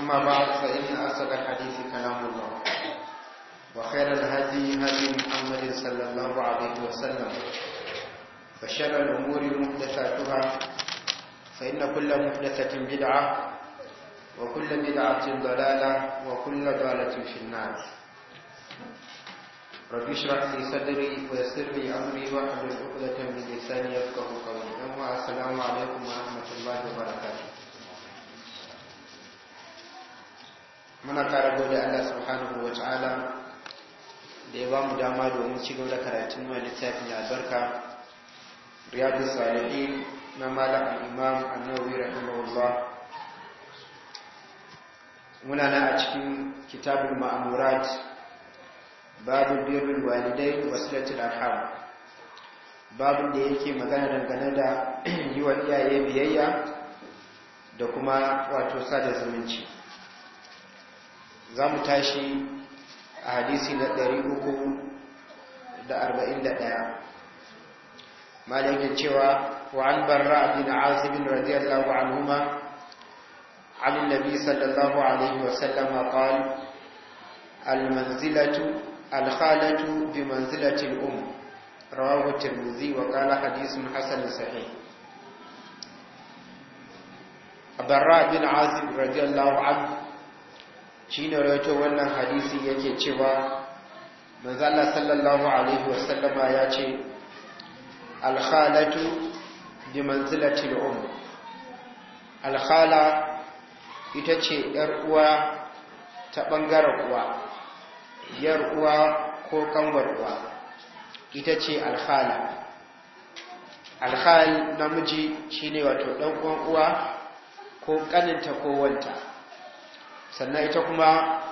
أما بعد فإن أصدق الحديث كلام الله وخير الهدي هدي محمد صلى الله عليه وسلم وشر الأمور محدثاتها فإن كل محدثة بدعة وكل بدعة ضلالة وكل ضلالة في النار رب اشرح لي صدري ويسر لي أمري واحلل عقدة من لساني يفقه قولي أما السلام عليكم ورحمة الله وبركاته muna kara gode Allah subhanahu wa ta'ala da ya ba mu dama domin ci gaba da karatun mai littafin albarka riyadu salihin na malam imam rahimahullah muna nan a cikin kitabul ma'amurat babu birnin walidai wa silatul arham babu da yake magana dangane da yi wa iyaye biyayya da kuma wato sada zumunci za mu tashi a hadisi na 341 ma da yankin cewa wa an barra abin azibin radiyallahu al'umma abin da bi sallallahu alaihi wasallama kawal almanzilatu alkhalatu bi manzilatin um rawagun tirmuzi wa kala hadisun hasan a barra abin azibin radiyallahu al'umma shi ne rawaito wannan hadisi yake cewa manzala sallallahu alaihi wasallama ya ce alhalatu bi manzilatil um alhala ita ce yar uwa ta bangaren uwa yar uwa ko kanwar uwa ita ce alhala alhal namiji shine wato dan uwan uwa ko kaninta ko wanta sannan ita kuma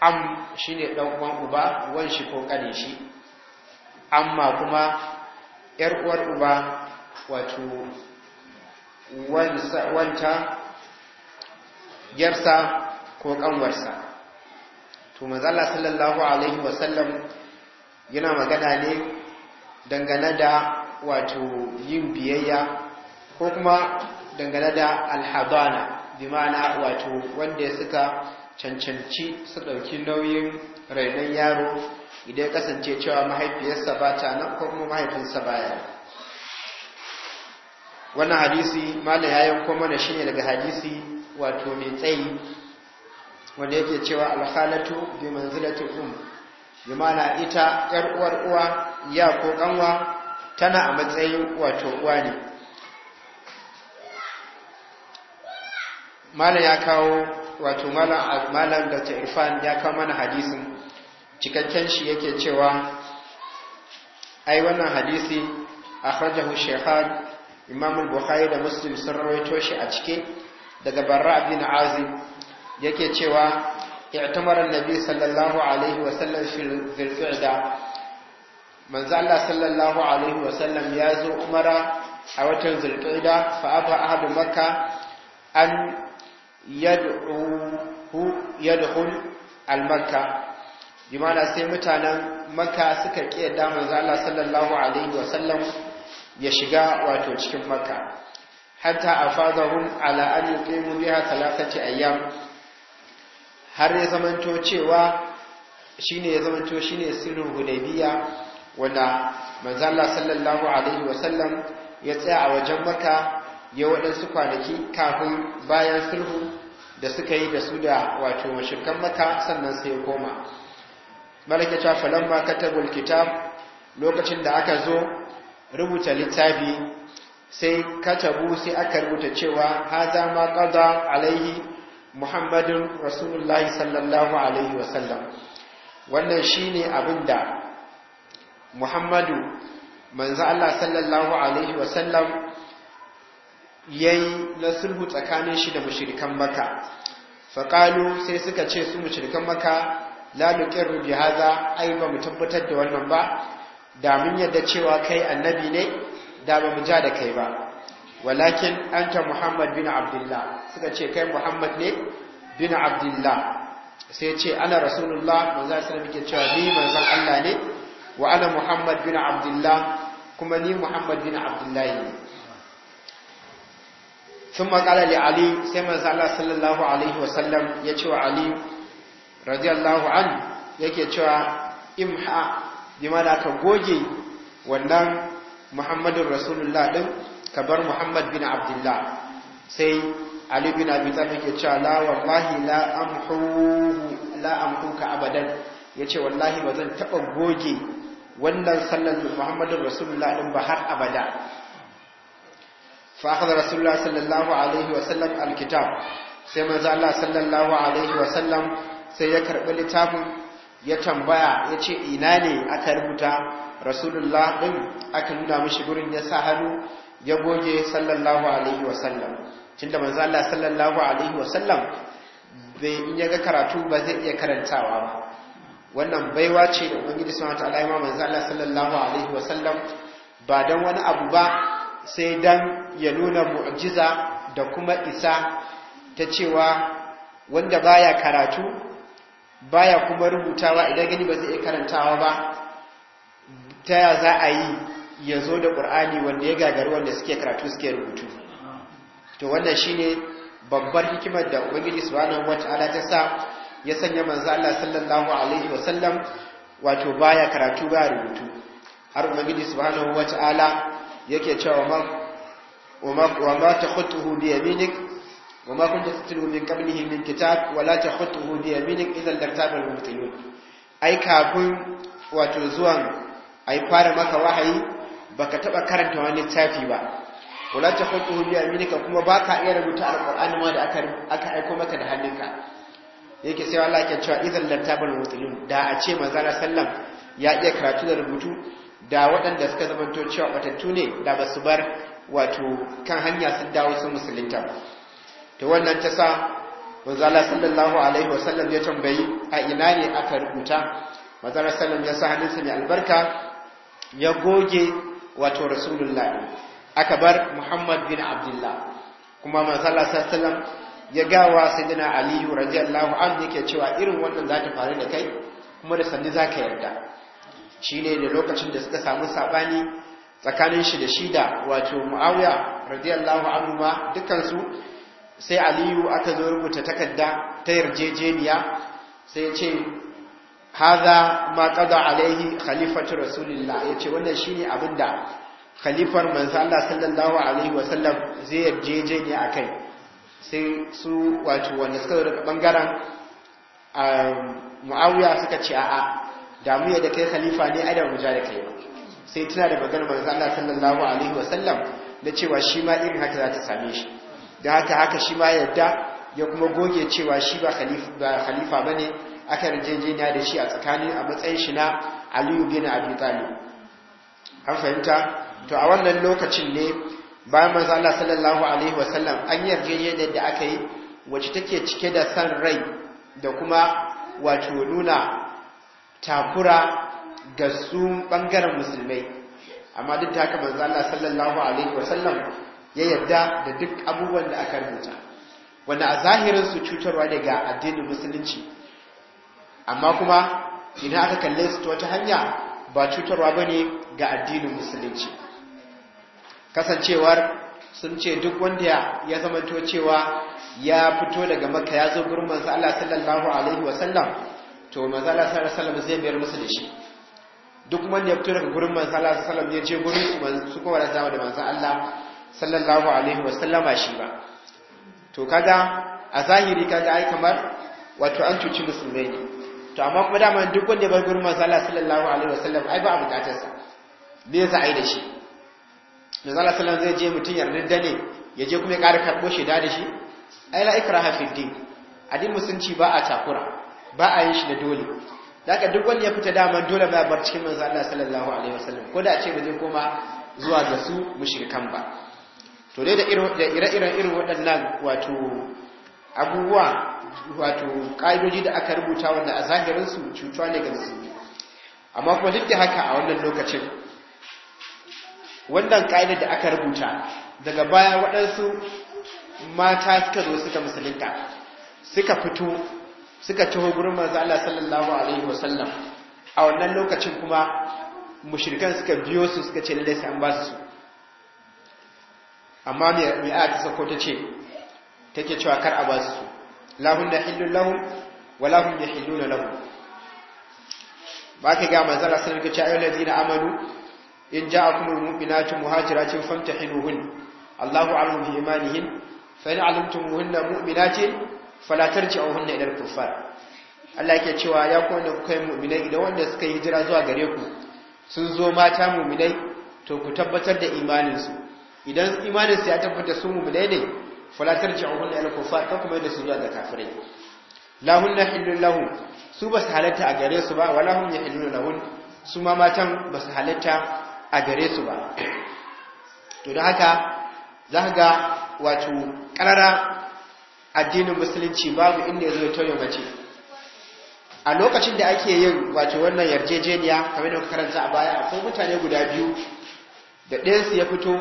am shine dan ɗan’uwan uba wani shi ko kane shi amma kuma yar uwar uba wato wanta yarsa ko kanwarsa to mazala sallallahu alaihi wasallam yana magana ne dangane da wato yin biyayya ko kuma dangane da alhadana bimana wato wanda suka cancanci su ɗauki nauyin rainon yaro idan kasance cewa mahaifiyarsa ba ta nan ko kuma mahaifinsa baya wannan hadisi malam ya yanko mana shine daga hadisi wato mai tsayi wanda yake cewa alhalatu bi manzilatul um bimana ita yar uwar uwa ya ko kanwa tana a matsayin wato uwa ne malam ya kawo wato malam malam da irfan ya kawo mana hadisin cikakken shi yake cewa ai wannan hadisi akhrajahu shaykhan imam al-bukhari da muslim sun rawaito shi a cike daga barra bin azim yake cewa i'tamara an-nabi sallallahu alaihi wa sallam fil fi'da manzo Allah sallallahu alaihi wa sallam ya zo umara a watan zulqa'ida fa aba ahadu makka an yadhu yadkhul al-makka bimana sai mutanen makka suka da manzo Allah sallallahu alaihi wasallam ya shiga wato cikin makka hatta afadahum ala an yuqimu biha thalathati ayyam har ya zamanto cewa shine ya zamanto shine sirrin hudaybiya wanda manzo Allah sallallahu alaihi wasallam ya tsaya a wajen makka ya waɗansu kwanaki kafin bayan sulhu da suka yi da su da wato mashirkan maka sannan sai ya koma malaka ta falamma katabul kitab lokacin da aka zo rubuta littafi sai katabu sai aka rubuta cewa haza ma qada alaihi muhammadun rasulullahi sallallahu alaihi wasallam wannan shine abinda muhammadu manzo Allah sallallahu alaihi wasallam yayi na sulhu tsakanin shi da mushrikan maka faƙalu sai suka ce su mushrikan maka la nuqirru bi hadha ai ba mu tabbatar da wannan ba da mun yadda cewa kai annabi ne da ba mu ja da kai ba walakin anta muhammad bin abdullah suka ce kai muhammad ne bin abdullah sai ce ana rasulullah manzo sallallahu alaihi cewa ni manzon Allah ne wa ana muhammad bin abdullah kuma ni muhammad bin abdullah ne Tun makala da ali sai manzo Allah sallallahu alaihi wasallam ya ce ali radiyallahu an yake cewa imha bi ka goge wannan muhammadun rasulullah din ka bar muhammad bin abdullah sai ali bin abi talib yake cewa la wallahi la amhu la abadan yace wallahi ba zan taɓa goge wannan sallan muhammadun rasulullah din ba har abada fa akhadha rasulullah sallallahu alaihi wa sallam alkitab sai manzo Allah sallallahu alaihi wa sallam sai ya karbi littafin ya tambaya ya ce ina ne aka rubuta rasulullah din aka nuna mishi gurin ya sa hannu ya goge sallallahu alaihi wa sallam tunda manzo Allah sallallahu alaihi wa sallam bai in ya ga karatu ba zai iya karantawa ba wannan baiwa ce da ubangiji subhanahu wa ta'ala ya manzo Allah sallallahu alaihi wa sallam ba dan wani abu ba sai dan ya nuna mu'jiza da kuma isa ta cewa wanda baya karatu baya kuma rubutawa idan gani ba zai iya karantawa ba ta ya za a yi ya zo da ƙur'ani wanda ya gagari wanda suke karatu suke rubutu to wannan shine babbar hikimar da ubangiji subhanahu wata'ala ta sa ya sanya manzo Allah sallallahu alaihi wasallam wato baya karatu ba rubutu har ubangiji subhanahu wata'ala yake cewa man wa ma khutuhu bi yaminik wa ma kunta tatlu min qablihi min kitab wa la khutuhu bi yaminik idan lartaba al-mubtilun ai kafin wato zuwan ai fara maka wahayi baka taba karanta wani tafi ba wala khutuhu bi yaminik kuma baka iya rubuta alqur'ani ma da aka aka aika maka da hannunka yake sai Allah ke cewa idan lartaba al-mubtilun da a ce manzara sallam ya iya karatu da rubutu da waɗanda suka zamanto cewa batattu ne da ba su bar wato kan hanya sun dawo sun musulunta Ta wannan ta sa mazala sallallahu alaihi wasallam ya tambayi a ina ne aka rubuta mazala sallam ya sa hannunsa mai albarka ya goge wato rasulullah aka bar muhammad bin abdullah kuma mazala sallam ya gawa sayyidina aliyu radiyallahu anhu yake cewa irin wannan za ta faru da kai kuma da sanni za ka yarda Shi ne da lokacin da suka samu sabani tsakanin shi da shi da wato Muawiya radiyallahu anhu ma dukkan su sai Aliyu aka zo rubuta takarda ta yarjejeniya sai ya ce haza ma qada alaihi khalifatu rasulillah yace wannan shine abinda khalifar manzo Allah sallallahu alaihi wasallam zai yarjejeniya akai sai su wato wanda suka zo daga bangaren um, Muawiya suka ce a'a da mu yadda kai khalifa ne ai da da kai sai tana da maganar manzo Allah sallallahu alaihi wasallam da cewa shi ma irin haka za ta same shi da haka haka shi ma yadda ya kuma goge cewa shi ba khalifa ba khalifa bane aka rijejeniya da shi a tsakanin a matsayin shi na Aliyu bin Abi Talib an fahimta to a wannan lokacin ne bayan manzo Allah sallallahu alaihi wasallam an yarjejeniyar da aka yi wacce take cike da san rai da kuma wato nuna takura ga su bangaren musulmai amma duk da haka manzo Allah sallallahu alaihi wasallam ya yarda da duk abubuwan da aka rubuta wanda a zahirin su cutarwa daga addinin musulunci amma kuma idan aka kalle su ta wata hanya ba cutarwa bane ga addinin musulunci kasancewar sun ce duk wanda ya zama cewa ya fito daga makka ya zo gurbin manzo Allah sallallahu alaihi wasallam to manzo Allah sallallahu alaihi wasallam zai mayar musu da shi duk wanda ya fito daga gurin manzo Allah sallallahu alaihi wasallam ya je gurin su su kuma da zama da manzo Allah sallallahu alaihi wasallama shi ba to kaga a zahiri kaga ai kamar wato an cuci musulmai ne to amma kuma dama duk wanda ya bar gurin manzo Allah sallallahu alaihi wasallam ai ba a bukatar sa me za a yi da shi manzo Allah sallallahu alaihi wasallam zai je mutun yarda ne ya je kuma ya ƙara karɓo shi da shi ai la ikraha fi din addinin musulunci ba a takura ba a yi shi da dole da ka duk wani ya fita dama dole ba bar cikin manzo Allah sallallahu alaihi wasallam ko da a ce ba zai koma zuwa ga su mushrikan ba to dai da ire-iren irin waɗannan wato abubuwa wato ƙa'idoji da aka rubuta wanda a zahirin su cutuwa ne ga musulmi amma kuma duk da haka a wannan lokacin wannan ƙa'idar da aka rubuta daga baya waɗansu mata suka zo suka musulunta suka fito suka ciho gurin manzo Allah sallallahu alaihi wasallam a wannan lokacin kuma mushrikan suka biyo su suka ce lalle sai an ba su amma me me aka sako ta ce take cewa kar a ba su lahun da hillu lahum wa lahum yahilluna lahum ba ka ga manzo Allah sallallahu alaihi wasallam ce ayyuhal ladina amanu in ja'akumul mu'minatu muhajiratin famtahinuhun Allahu a'lamu bi imanihin fa in 'alimtumuhunna mu'minatin falatar ci auhunna idar kufar Allah yake cewa ya ku wanda kuka yi mu'minai idan wanda suka yi jira zuwa gare ku sun zo mata mu'minai to ku tabbatar da imaninsu idan imaninsu ya tabbata su mu'minai ne falatar ci auhunna idar kufar ta kuma yadda su zuwa ga kafirai lahunna hillun lahun su ba su halatta a gare su ba wala hum yahillun lahun su ma matan ba su halatta a gare su ba to da haka za ka ga wato ƙarara addinin musulunci babu inda ya zo ya tauye mace a lokacin da ake yin wato wannan yarjejeniya kamar da karanta a baya akwai mutane guda biyu da ɗayansu ya fito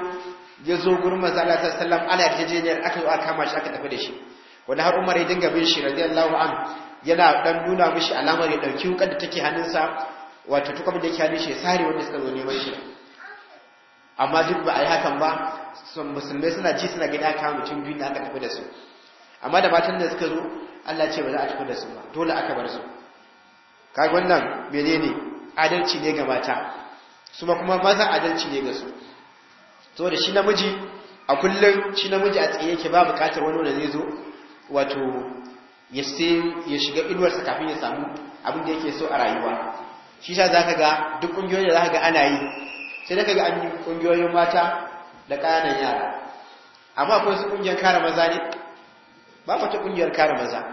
ya zo gurin maza ta sallam ana yarjejeniyar aka yi aka kama shi aka tafi da shi wani har umar ya dinga bin shi radiyallahu an yana dan nuna mishi alamar ya dauki wukar da take hannunsa wato ta da yake hannun shi ya sare wanda suka zo neman shi amma duk ba a yi hakan ba musulmai suna ji suna gina kama mutum biyu da aka tafi da su amma da matan da suka zo Allah ce ba za a tafi da su ba dole aka bar su kaga wannan menene adalci ne ga mata su ma kuma maza adalci ne ga su to da shi namiji a kullum shi namiji a tsaye yake ba bukatar wani wanda zai zo wato ya ya shiga inuwarsa kafin ya samu abin da yake so a rayuwa shi sa zaka ga duk ƙungiyoyin da za ga ana yi sai da ka ga an yi ƙungiyoyin mata da ƙananan yara amma akwai su ƙungiyar kare maza ne ba wata kungiyar kare maza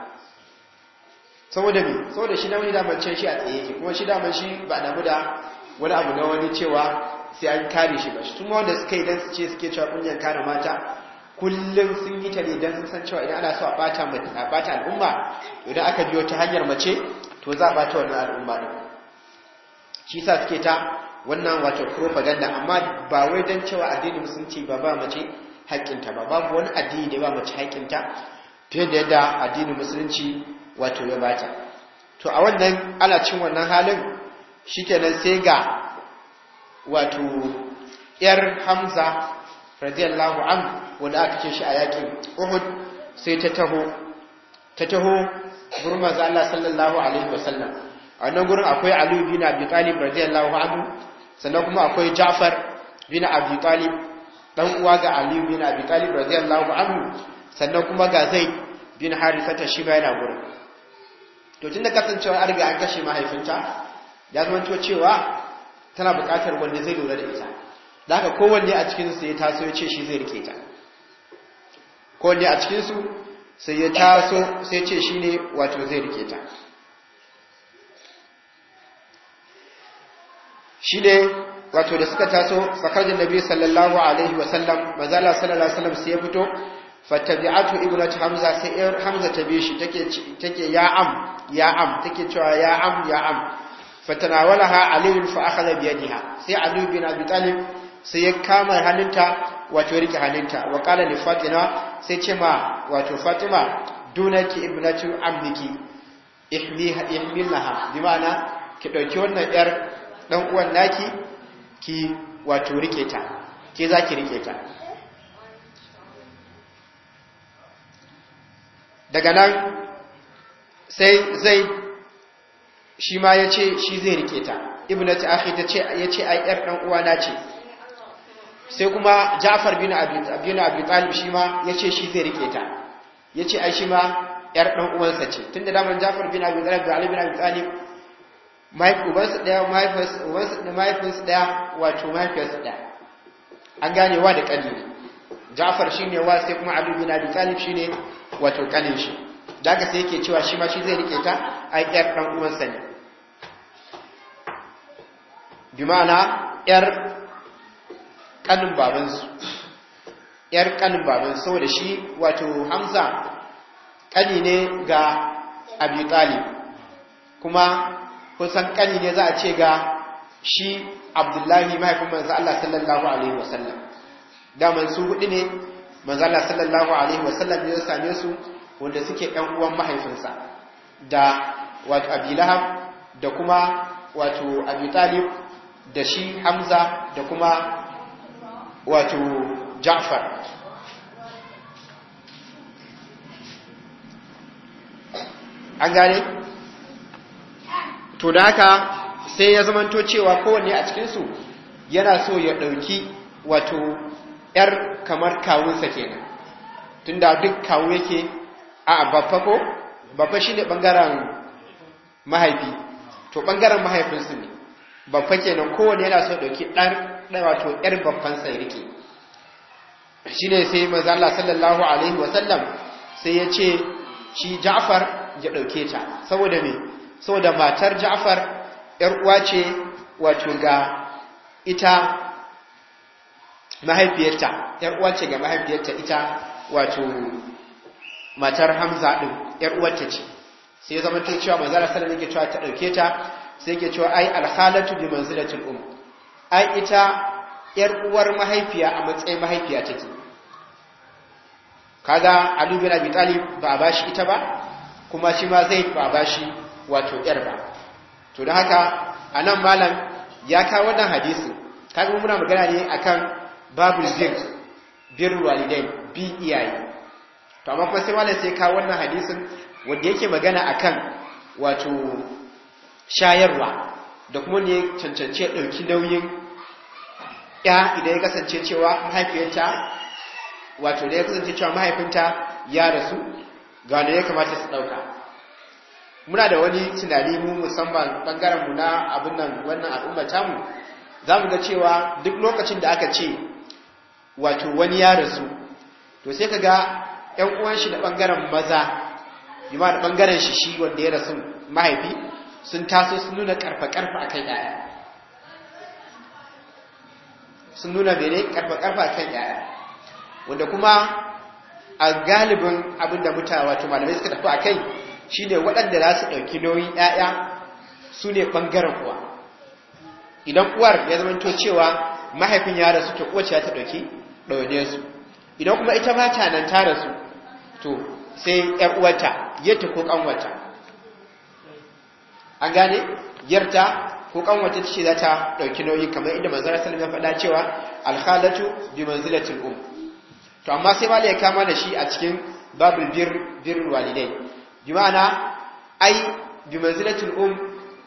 saboda mai saboda shi damar damar can shi a tsaye ke, kuma shi damar shi ba damu da wani abu na wani cewa sai an kare shi ba shi tun wanda suka yi dan su ce suke cewa kungiyar kare mata kullum sun yi ta ne sun san cewa idan ana so a bata al'umma idan aka biyo ta hanyar mace to za a bata wannan al'umma ne shi sa suke ta wannan wato propaganda amma ba wai dan cewa addinin musulunci ba ba mace haƙƙinta ba babu wani addini da ba mace haƙƙinta fiye da yadda addinin musulunci wato ya bata to a wannan ana cin wannan halin shikenan sai ga wato yar hamza radiyallahu an wanda aka ce shi a yakin uhud sai ta taho ta taho gurin za Allah sallallahu alaihi wasallam a wannan gurin akwai alu bin Abi Talib radiyallahu anhu sannan kuma akwai Ja'far bin Abi Talib dan uwa ga alu bin Abi Talib radiyallahu anhu sannan kuma ga zai bin harisata shi ba yana gurin to tun da kasancewar an riga an kashe mahaifinta ya zama to cewa tana buƙatar wanda zai lura da ita da haka kowanne a cikinsu sai ya taso ya ce shi zai rike ta kowanne a cikinsu sai ya taso sai ce shi ne wato zai rike ta shi ne wato da suka taso tsakanin nabi sallallahu alaihi wasallam mazala sallallahu alaihi wasallam sai ya fito fattabi'atu ibnat hamza sai ir hamza ta bi shi take take ya am ya am take cewa ya am ya am fatanawalaha ali fa akhadha bi yadiha sai ali bin abi talib sai ya kama halinta, wato rike halinta, wa qala li fatima sai ce ma wato fatima dunaki ibnatu amniki ihmiha ihmilaha bi ma'ana ki dauki wannan yar dan uwan naki ki wato rike ta ke zaki rike ta daga nan sai zai shi ma ya ce shi zai rike ta ta akhi ta ce ya ce ai yar dan na ce sai kuma Ja'far bin Abi Abi Talib shi ma ya ce shi zai rike ta ya ce ai shi ma yar dan ce. ce tunda damar Ja'far bin Abi Talib da Ali bin Abi Talib mahaifinsu daya mahaifinsu daya wato mahaifinsu daya an ganewa da kalli Ja'far shine wa sai kuma Ali bin Abi Talib shine wato kanin shi da aka sai yake cewa shi ma shi zai rike ta ai yar dan uwansa ne bi ma'ana yar kanin babansu yar kanin baban saboda shi wato Hamza kani ne ga Abi Talib kuma kusan kani ne za a ce ga shi Abdullahi mahaifin manzo Allah sallallahu alaihi wasallam man su hudu ne manzala sallallahu alaihi wasallam ya same su wanda suke ɗan uwan mahaifinsa da wato abilahab da kuma wato abitalib da shi hamza da kuma wato ja'far an gane to da haka sai ya zamanto cewa kowanne a cikinsu yana so ya ɗauki wato yar kamar kawunsa kenan tunda duk kawo yake a babba ko babba shine bangaren mahaifi to bangaren mahaifinsu ne babba kenan kowanne yana so dauki dan wato yar babban sa rike shine sai manzo Allah sallallahu alaihi wasallam sai ya ce shi Ja'far ya dauke ta saboda me saboda matar Ja'far yar uwa ce wato ga ita mahaifiyarta ‘yar uwace ga mahaifiyarta ita wato matar hamza ɗin ‘yar uwarta ce sai ya zama ta cewa manzara sallar yake cewa ta ɗauke ta sai yake cewa ai alhalatu bi manzilatul um ai ita ‘yar uwar mahaifiya a matsayin mahaifiya take kaga Ali bin Abi Talib ba a bashi ita ba kuma shi ma zai ba a bashi wato ‘yar ba to da haka anan malam ya kawo wannan hadisi kaga muna magana ne akan babu zir birru walidai bi iyaye to amma kuma sai sai ka wannan hadisin wanda yake magana akan wato shayarwa da kuma ne cancance ɗauki nauyin ya idan ya kasance cewa mahaifiyarta wato da ya kasance cewa mahaifinta ya rasu ga wanda ya kamata su ɗauka muna da wani tunani mu musamman bangaren mu na abin nan wannan al'umma tamu za mu ga cewa duk lokacin da aka ce wato wani ya rasu to sai kaga 'yan uwan shi da bangaren maza bima da bangaren shi shi wanda ya rasu mahaifi sun taso sun nuna karfa karfa akan yaya sun nuna bene karfa karfa akan yaya wanda kuma a galibin abinda mutane wato malamai suka tafi shi ne waɗanda za su ɗauki nauyin 'ya'ya su ne ɓangaren uwa idan uwar ya zama to cewa mahaifin ya rasu to ce ta ɗauki ɗaune su idan kuma ita mata nan ta rasu to sai ‘yar uwata yata ko ƙanwata an gane yarta ko ƙanwata ce za ta ɗauki nauyi kamar inda manzara salim ya faɗa cewa alhalatu bi manzilatul um to amma sai bala ya kama da shi a cikin babul birnin walidai bi ma'ana ai bi manzilatul um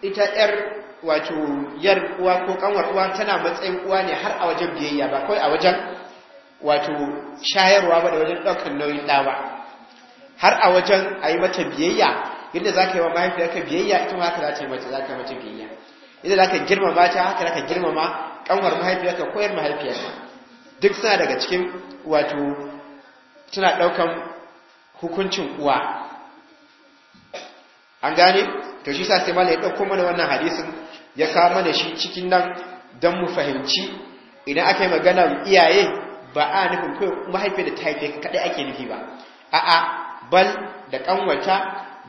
ita ‘yar wato yar uwa ko ƙanwar uwa tana matsayin uwa ne har a wajen biyayya ba kawai a wajen wato shayarwa ba da wajen ɗaukar nauyin ɗa ba har a wajen a yi mata biyayya yadda za ka yi wa mahaifiyarka biyayya ita ma haka za ta yi mata za ka mata biyayya yadda za ka girmama ta haka za ka girmama ƙanwar mahaifiyarka koyar mahaifiyarka duk suna daga cikin wato suna ɗaukan hukuncin uwa an gane to shi sa sai malai ɗauko mana wannan hadisin ya kawo mana shi cikin nan don mu fahimci idan aka yi maganar iyaye ba a nufin kai mahaifiyar da ta haife ka kaɗai ake nufi ba a'a bal da ƙanwata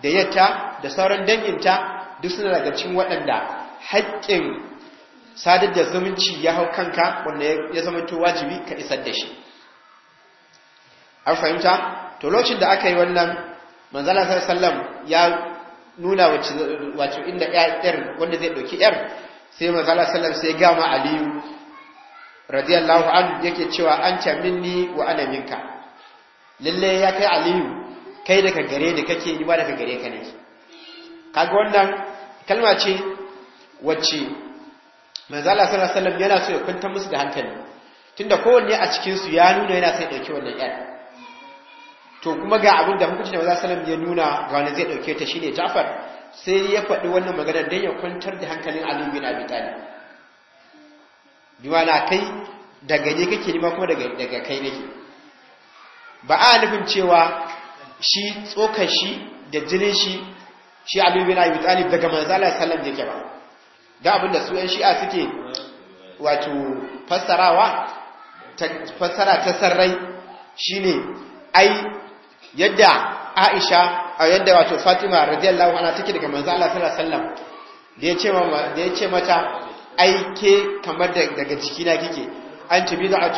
da yatta da sauran danginta duk suna daga cikin waɗanda haƙƙin sadar da zumunci ya hau kanka wanda ya to wajibi ka isar da shi an fahimta to lokacin da aka yi wannan manzala Sallam ya nuna wace inda yar wanda zai ɗauki yar sai manzala Sallam sai gama aliyu radiyallahu an yake cewa an ta minni wa ana minka lalle ya kai aliyu kai daga gare da kake ni ba daga gare ka ne kaga wannan kalma ce wacce manzo Allah sallallahu alaihi yana so ya kwanta musu da hankali tunda kowanne a cikin su ya nuna yana son dauke wannan yar to kuma ga abin da hukunci da manzo sallallahu ya nuna ga wanda zai dauke ta shine Ja'far sai ya faɗi wannan magana dan ya kwantar da hankalin Ali bin Abi Talib bi kai daga ne kake nima kuma daga kai nake ba a nufin cewa shi tsokar shi da jinin shi shi Ali bin Abi Talib daga manzo Allah sallallahu alaihi wasallam ba da su ɗan shi'a suke wato fassarawa ta fassara ta sarrai shine ai yadda Aisha a yadda wato Fatima radiyallahu anha take daga manzo Allah sallallahu alaihi wasallam da ya ce mata aike kamar daga cikina kike an ce biza a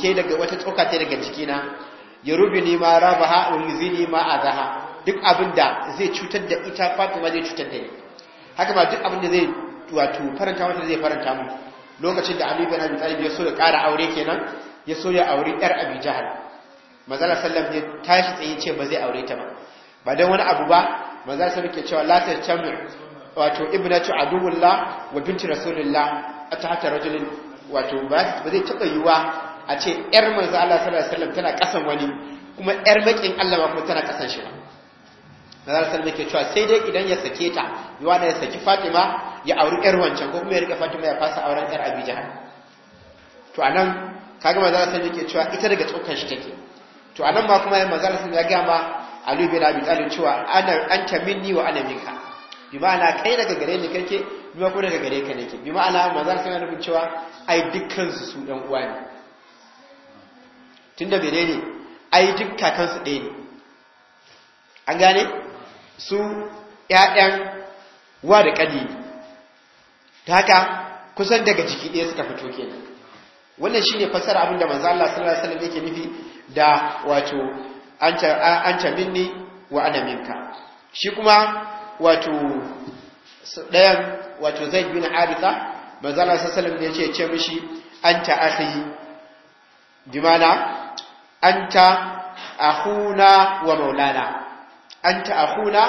ke daga wata tsoka ta daga jikina ya rubi ni ma raba ha wa zini ma a zaha duk abin da zai cutar da ita fatima zai cutar da ni haka ba duk abin da zai wato faranta mata zai faranta mu lokacin da Ali bin Abi Talib ya so ya kara aure kenan ya so ya aure yar Abi Jahal manzala sallam ya tashi tsaye ce ba zai aure ta ba ba dan wani abu ba manzala sallam ke cewa la tajtamu wato ibnatu aduwullah wa binti rasulillah tahta rajulin wato ba zai taba yiwa a ce yar manzo Allah sallallahu alaihi wasallam tana kasan wani kuma yar makin Allah ma kuma tana kasan shi ba manzo sallallahu alaihi cewa sai dai idan ya sake ta yiwa da ya saki Fatima ya auri yar wancan ko kuma ya rika Fatima ya fasa auren yar Abijahan to anan kaga manzo sallallahu alaihi cewa ita daga tsokan shi take to anan ma kuma manzo sallallahu alaihi ya ga ma Ali bin Abi Talib cewa ana anta minni wa ana minka bi ma'ana kai daga gare ni kake bi ma ko daga gare ka nake bi ma'ana manzon sai nufin cewa ai dukkan su su dan uwa ne tunda bere ne ai duk kakan su ɗaya ne an gane su ƴaƴan wa da ƙani ne ta haka kusan daga jiki ɗaya suka fito kenan wannan shine fassara abin da maza Allah sallallahu alaihi wasallam yake nufi da wato an anta minni wa ana minka shi kuma wato ɗayan wato zai bin arita manzana sassalam ne ce ce mishi an ta ahi dimana an ta ahuna wa maulana an ta ahuna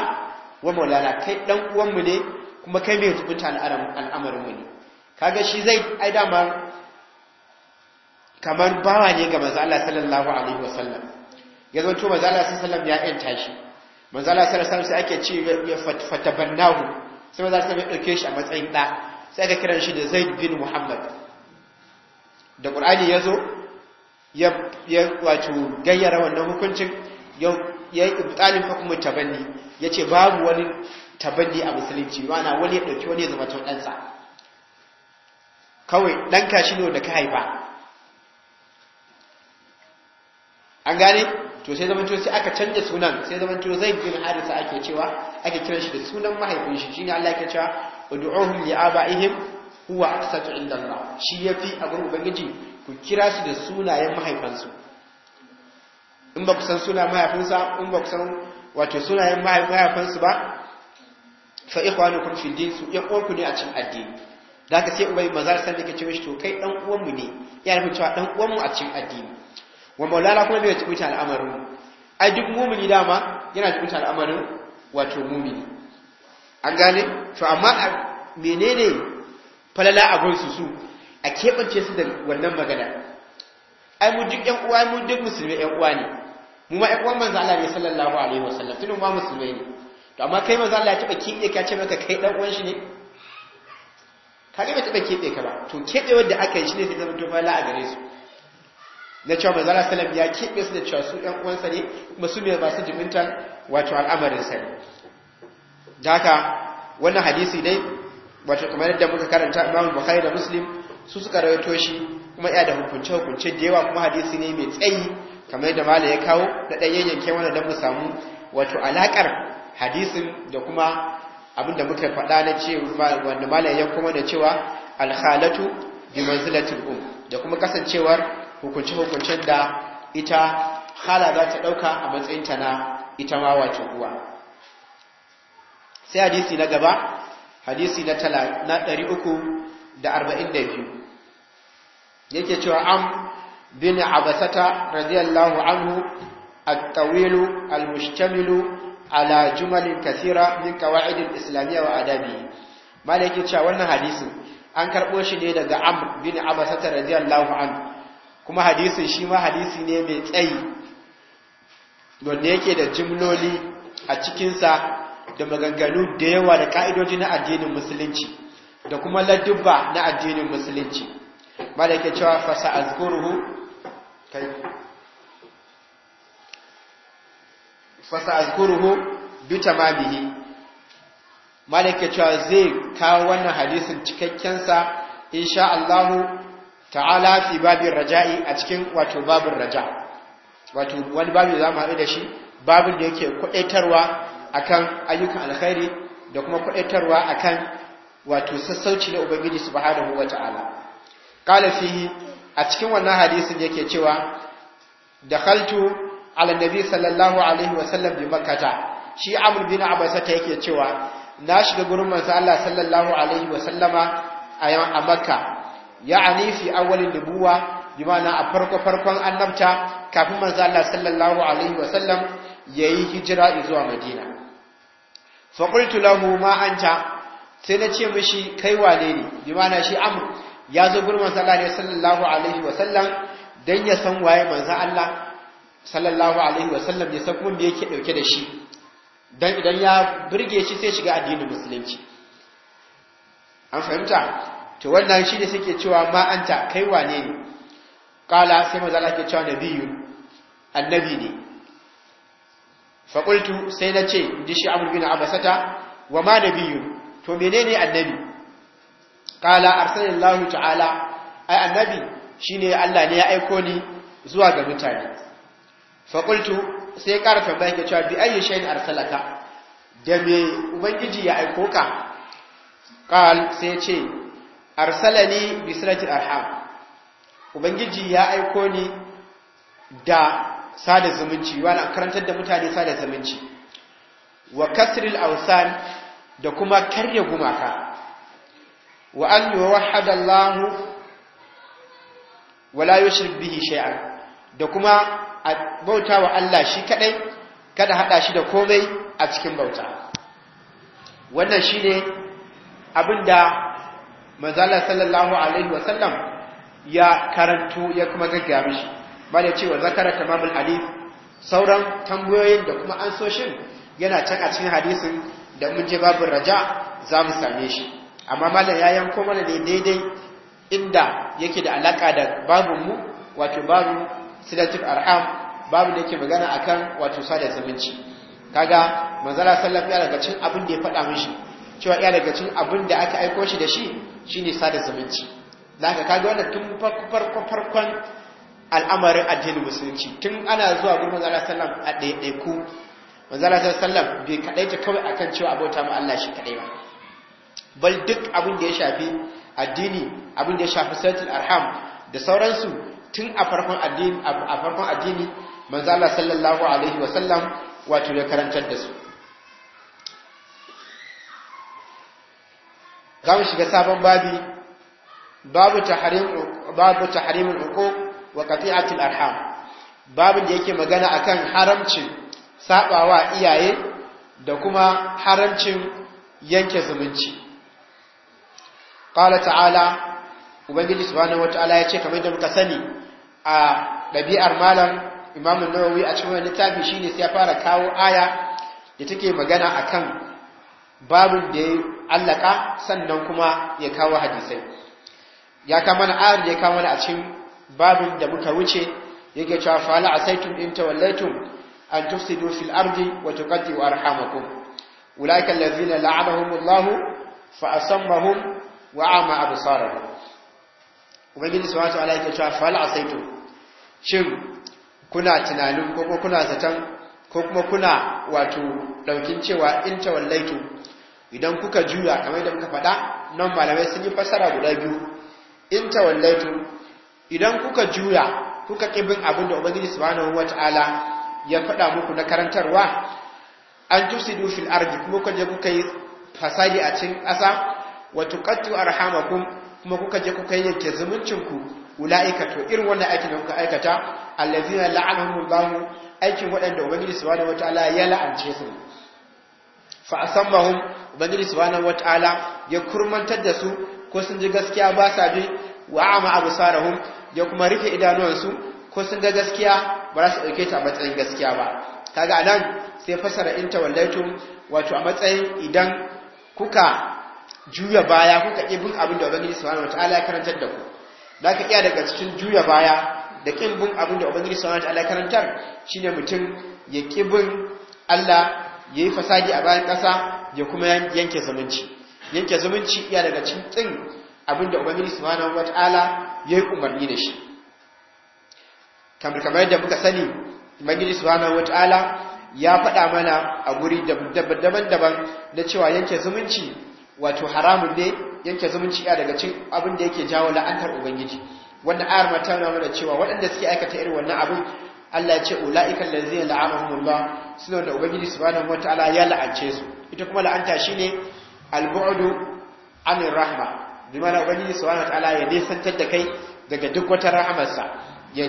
wa maulana kai ɗan uwanmu ne kuma kai mai rubuta al'amarinmu ne kaga shi zai ai dama kamar bawa ne ga manzo Allah sallallahu alaihi wasallam ya zanto manzo Allah sallallahu alaihi wasallam ya yanta shi manzo Allah sallallahu alaihi wasallam ake ce fatabannahu sai manzo Allah ya dauke shi a matsayin ɗa sai aka kiran shi da Zaid bin Muhammad da ƙur'ani yazo ya ya wato gayyara wannan hukuncin ya yi ibtalin hukumin tabanni yace babu wani tabanni a musulunci ma'ana wani ya dauki wani ya zama tun ɗansa kawai ɗanka shi ne da ka haifa an gane to sai zaman to sai aka canja sunan sai zaman to zai bin harisa ake cewa ake kiran shi da sunan mahaifin shi shine Allah yake cewa ud'uhum li abaihim huwa ahsatu inda Allah shi yafi a gurin ubangiji ku kira su da sunayen mahaifansu in ba ku san sunan mahaifinsa in ba ku san wato sunayen mahaifansu ba fa ikhwanukum fi din su ya ku ne a cikin addini da ka sai ubai mazar san da ke cewa shi to kai dan uwan mu ne ya rubuta cewa dan uwan mu a cikin addini wa maulana kuma zai cibuta al'amarin mu ai duk mumini dama yana cibuta al'amarin wato mumini an gane to amma menene falala abin su su a keɓance su da wannan magana ai mu duk ƴan uwa mu duk musulmi ƴan uwa ne mu ma ƴan uwan manzo Allah ne sallallahu alaihi wasallam tunan ma musulmai ne to amma kai manzo Allah ya taba kiɗe ka ce maka kai dan uwan shi ne ka ga taba kiɗe ka ba to kebe wanda aka yi shi ne sai zama to falala a gare su na cewa manzala salam ya keɓe su da cewa su ɗan uwansa ne kuma su ne masu jiminta wato al'amarin da haka wannan hadisi dai wato kamar yadda muka karanta imamu bukari da muslim su suka rawaito shi kuma ya da hukunce hukunce da yawa kuma hadisi ne mai tsayi kamar yadda mala ya kawo da ɗan yanke wannan don mu samu wato alaƙar hadisin da kuma abinda muka faɗa na cewa wanda mala ya kuma da cewa alhalatu bi manzilatul um da kuma kasancewar hukunce-hukuncen da ita hala za ta ɗauka a matsayinta na ita ma wato uwa sai hadisi na gaba hadisi na biyu. yake cewa am bin abasata radiyallahu anhu at-tawilu al-mushtamilu ala jumalin kathira min qawa'idil islamiyya wa adabi malaki cewa wannan hadisi an karbo shi ne daga am bin abasata radiyallahu anhu kuma hadisin shi ma hadisi ne mai tsayi wanda yake da jimloli a cikinsa da maganganu da yawa da ka'idoji na addinin musulunci da kuma ladubba na addinin musulunci ba da yake cewa fasa azkuruhu kai fasa azkuruhu bi tamamihi ma da yake cewa zai kawo wannan hadisin cikakkensa sha Allahu ta'ala fi babin raja'i a cikin wato babin raja wato wani babin za mu haɗu da shi babin da yake kwaɗaitarwa akan ayyukan alkhairi da kuma kwaɗaitarwa akan wato sassauci na ubangiji subhanahu wa ta'ala qala fihi a cikin wannan hadisun yake cewa da ala nabi sallallahu alaihi wa sallam bi makkata shi amur bin abasa ta yake cewa na shiga gurin manzo Allah sallallahu alaihi wa sallama a makka ya'ani fi awwalin nubuwa bimana a farko farkon annabta kafin manzo Allah sallallahu alaihi wa wasallam yayi hijira zuwa Madina fa qultu lahu ma anta sai na ce mishi kai wane ne bimana shi amr ya zo gurin manzo Allah sallallahu alaihi wa sallam, dan ya san waye manzo Allah sallallahu alaihi wa sallam, ya sai kuma yake dauke da shi dan idan ya burge shi sai shiga addinin musulunci an fahimta to wannan shi ne suke cewa ma kai wane ne kala sai maza ke cewa nabiyu annabi ne fa sai na ce in ji shi bin abasata wa ma nabiyu to menene annabi kala arsalallahu ta'ala ai annabi shine Allah ne ya aiko ni zuwa ga mutane fa qultu sai ƙara tambaya ke cewa bi ayyi shay'in arsalaka da me ubangiji ya aiko ka Ƙal sai ce arsalani bi arham ubangiji ya aiko ni da sada zumunci wani karantar da mutane sada zumunci wa kasril awsan da kuma karya gumaka wa an yuwahhad Allah wa la yushrik bihi shay'an da kuma bauta wa Allah shi kadai kada hada shi da komai a cikin bauta wannan shine abinda manzala sallallahu alaihi wa sallam ya karantu ya kuma gaggaya mishi bada cewa zakara tamamul hadith sauran tambayoyin da kuma ansoshin yana can a cikin hadisin da mun je babin raja za mu same shi amma malam ya yanko mana ne daidai inda yake da alaka da babun mu wato babu silatul arham babu da yake magana akan wato sada zumunci kaga manzala sallallahu alaihi wa sallam ya daga cin abin da ya faɗa mishi cewa ɗaya daga cin abin da aka aiko shi da shi shine sada zumunci da aka kaga wanda tun farko farkon al'amarin addinin musulunci tun ana zuwa gurin manzo sallam a ɗaiɗaiku manzo Allah sallam bai ta kawai akan cewa abota ma Allah shi kadai ba bal duk abin da ya shafi addini abin da ya shafi saitul arham da sauransu tun a farkon addini manzala sallallahu alaihi wasallam wato ya karantar da su za mu shiga sabon babi babu taharimin babu tahrimul uquq wa qati'atil arham babin da yake magana akan haramcin sabawa iyaye da kuma haramcin yanke zumunci qala ta'ala ubangiji subhanahu wataala ya ce kamar da muka sani a ɗabi'ar malam imamu nawawi a cikin littafi shine sai ya fara kawo aya da take magana akan babin da ya allaka sannan kuma ya kawo hadisai ya kama na ayar da ya kama na a cikin babin da muka wuce yake cewa fala asaitum in tawallaitum an tufsidu fil ardi wa tuqaddiu arhamakum ulaika allazina la'anahumullahu fa asammahum wa ama absarahum ubangiji subhanahu wa ta'ala yake cewa fala asaitum shin kuna tunanin ko kuna zaton ko kuma kuna wato ɗaukin cewa in tawallaitu idan kuka juya kamar da muka faɗa nan malamai sun yi fasara guda biyu in tawallaitu idan kuka juya kuka kibin abin da ubangiji subhanahu wataala ya faɗa muku na karantarwa an tusidu fil ardi kuma kuka je kuka yi fasadi a cikin ƙasa wa tuqattu arhamakum kuma kuka je kuka yanke zumuncinku ula'ika to irin wannan aikin da kuka aikata allazina la'anahumullahu aikin waɗanda ubangiji subhanahu wataala ya la'ance su fa asammahum ubangiji subhanahu wataala ya kurmantar da su ko sun ji gaskiya ba sa bi wa ama absarahum ya kuma rufe idanuwansu ko sun ga gaskiya ba za su dauke ta matsayin gaskiya ba kaga nan sai fasara in tawallaitum wato a matsayin idan kuka juya baya kuka ƙi bin abin da ubangiji Alaihi Wasallam ya karantar da ku da ka iya daga cikin juya baya da ƙin bin abin da ubangiji Alaihi Wasallam ya karantar shine mutum ya ƙi bin Allah ya yi fasadi a bayan ƙasa ya kuma yanke zumunci yanke zumunci iya daga cikin ƙin abin da ubangiji subhanahu wataala ya yi umarni da shi kamar kamar yadda muka sani ubangiji Alaihi Wasallam ya faɗa mana a guri daban-daban na cewa yanke zumunci wato haramun ne yanke zumunci ya daga cin abin da yake jawo la'antar ubangiji wanda ayar ma ta nuna mana cewa waɗanda suke aikata irin wannan abin Allah ya ce ulaiikal ladzina Allah suna da ubangiji subhanahu wataala ya la'ance su ita kuma la'anta shine al-bu'du anir rahma bi ma'ana ubangiji subhanahu wataala ya nesantar da kai daga duk wata rahamarsa ya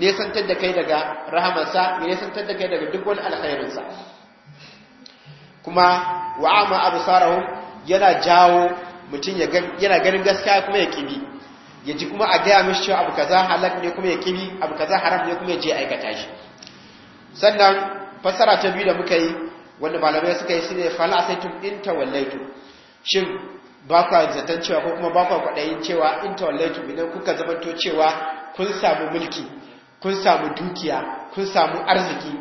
nesantar da kai daga rahamarsa ya nesantar da kai daga duk wani alkhairinsa kuma wa'ama absarahum yana jawo mutum yana ganin gaskiya kuma ya kibi ya ji kuma a gaya mishi cewa abu kaza halal ne kuma ya kibi abu kaza haram ne kuma ya je aikata shi sannan fasara ta biyu da muka yi wanda malamai suka yi shine fala asaitum in tawallaitu shin ba ku zaton cewa ko kuma ba ku kwaɗayin cewa in tawallaitu idan kuka zamanto cewa kun samu mulki kun samu dukiya kun samu arziki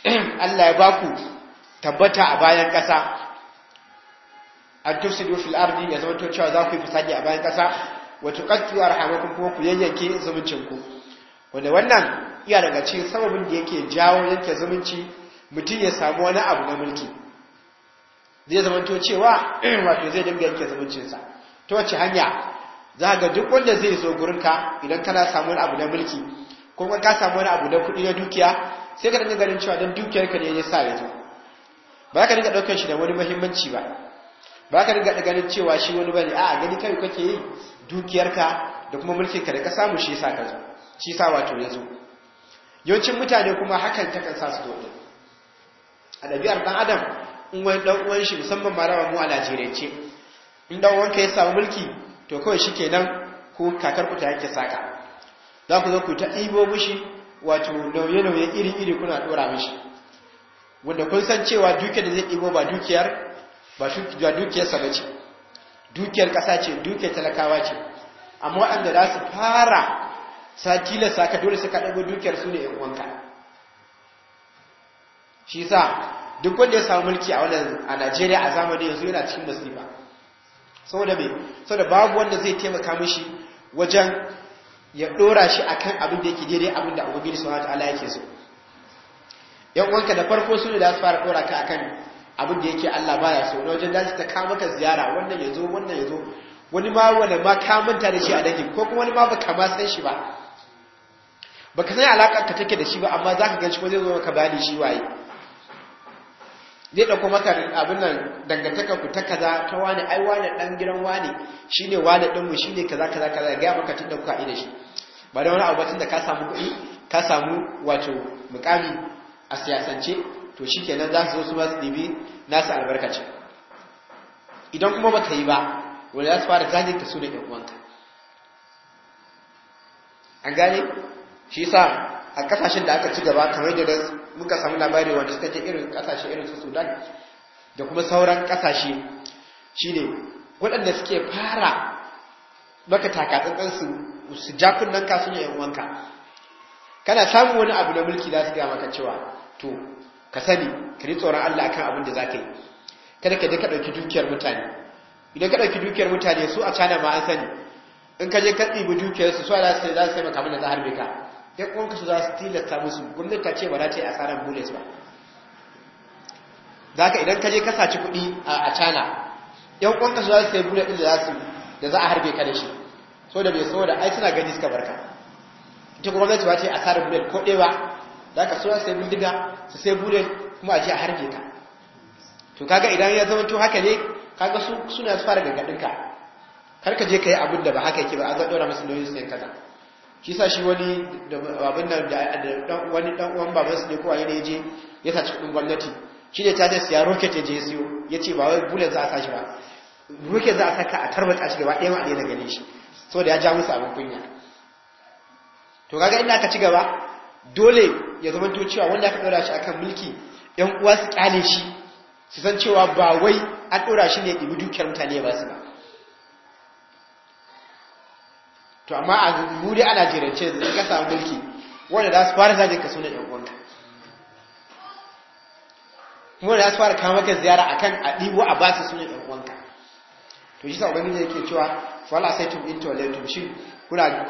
Allah ya ba ku tabbata a bayan ƙasa an tufsidu fil ardi ya zama cewa za ku yi fasadi a bayan kasa wa tuqattu arhamakum kuma ku yayyanke zumuncin ku wanda wannan iya daga cikin sababin da yake jawo yanke zumunci mutum ya samu wani abu na mulki zai zama cewa wato zai dinga yanke zumuncinsa ta wace hanya za ga duk wanda zai zo gurinka idan kana samu wani abu na mulki ko kuma ka samu wani abu na kuɗi na dukiya sai ka dinga ganin cewa don dukiyarka ne ya sa ya zo ba ka dinga ɗaukar shi da wani muhimmanci ba ba ka riga ganin cewa shi wani bane a gani kai kake yi dukiyarka da kuma ka da ka samu shi yasa ka zo shi yasa wato ya zo yawancin mutane kuma hakan ta kan sa su dole a ɗabi'ar ɗan adam in wani dan uwan shi musamman ma rawa mu a ce in ɗan ka ya samu mulki to kawai shi kenan ko kakar ku ta yake saka za ku zo ku ta ibo mushi wato nauye-nauye iri-iri kuna ɗora mishi wanda kun san cewa dukiyar da zai ibo ba dukiyar ba dukiyarsa ba ce dukiyar ƙasa ce dukiyar talakawa ce amma waɗanda za su fara satila saka dole suka ɗago dukiyar su ne ‘yan wanka shi sa duk wanda ya samu mulki a wannan a najeriya a zamani yanzu yana cikin musulma saboda mai saboda babu wanda zai taimaka mishi wajen ya ɗora shi kan abin da yake daidai abin da abubuwan su wata ala yake so ‘yan wanka da farko su ne da su fara ɗora ka kan. abin da yake Allah baya so na wajen daji ta kama ka ziyara wannan ya zo wannan ya zo wani ma wani ma ka manta da shi a dangin ko kuma wani ma baka ma san shi ba baka san alakar ka take da shi ba amma zaka gan shi ko zai zo maka bayani shi waye zai ɗauko maka abin nan dangantaka ku ta kaza ta wani ai wani dan gidan wani shine wani dan mu shine kaza kaza kaza ga maka tunda kuka ina shi ba da wani abu tunda ka samu kuɗi ka samu wato mukami a siyasance to shi za su zo su ma su ɗibi nasu albarkacin idan kuma ba baka yi ba wani za su fara zagin ka suna ɗan uwanka an gane shi sa a kasashen da aka ci gaba kamar da muka samu labari wanda suka je irin kasashe irin su sudan da kuma sauran kasashe ne waɗanda suke fara maka takatsantsan su su ja ka suna yan uwanka kana samun wani abu na mulki za su gama maka cewa to ka sani ka ji tsoron Allah kan abin da za ka yi kada ka je ka ɗauki dukiyar mutane idan ka ɗauki dukiyar mutane su a cana ma an sani in ka je ka tsibi dukiyar su suwa za su za su zahar maka da za harbe ka dai kun ka su za su tilasta musu gwamnati ta ce ba za ta yi tsarin bullet ba Za ka idan ka je ka saci kuɗi a cana yan kwanka su za su sai bullet ɗin da za su da za a harbe ka da shi so da bai so da ai suna gani suka barka ita gwamnati ba ce asarar bullet ko ɗaya ba da aka suna sai bindiga su sai bude kuma a ji a harge ka to kaga idan ya zama to haka ne kaga su suna su fara gangadin ka kar ka je ka yi abin da ba haka yake ba a zaɗora masu nauyin su ne kaza shi sa shi wani babin nan da wani dan uwan baban su ne kowa ya je ya saci cikin gwamnati shi ne ta siya rocket ya je ya siyo ya ce ba wai bulan za a sashi ba rocket za a saka a tarbata shi gaba ɗaya ma a daina ganin shi saboda ya ja musu abin kunya to kaga ina ka ci gaba dole ya zama cewa wanda aka ɗora shi akan mulki ‘yan uwa su ƙyale shi su san cewa ba wai an ɗora shi ne ɗibi dukiyar mutane ba su ba to amma a muri a najerance da suka samu mulki wanda za su fara zaje kaso na ‘yan uwanka kuma da za su fara kama kan ziyara a kan a ɗibo a ba su ɗan ‘yan uwanka to shi sa ubangiji yake cewa fala sai tum in shi kuna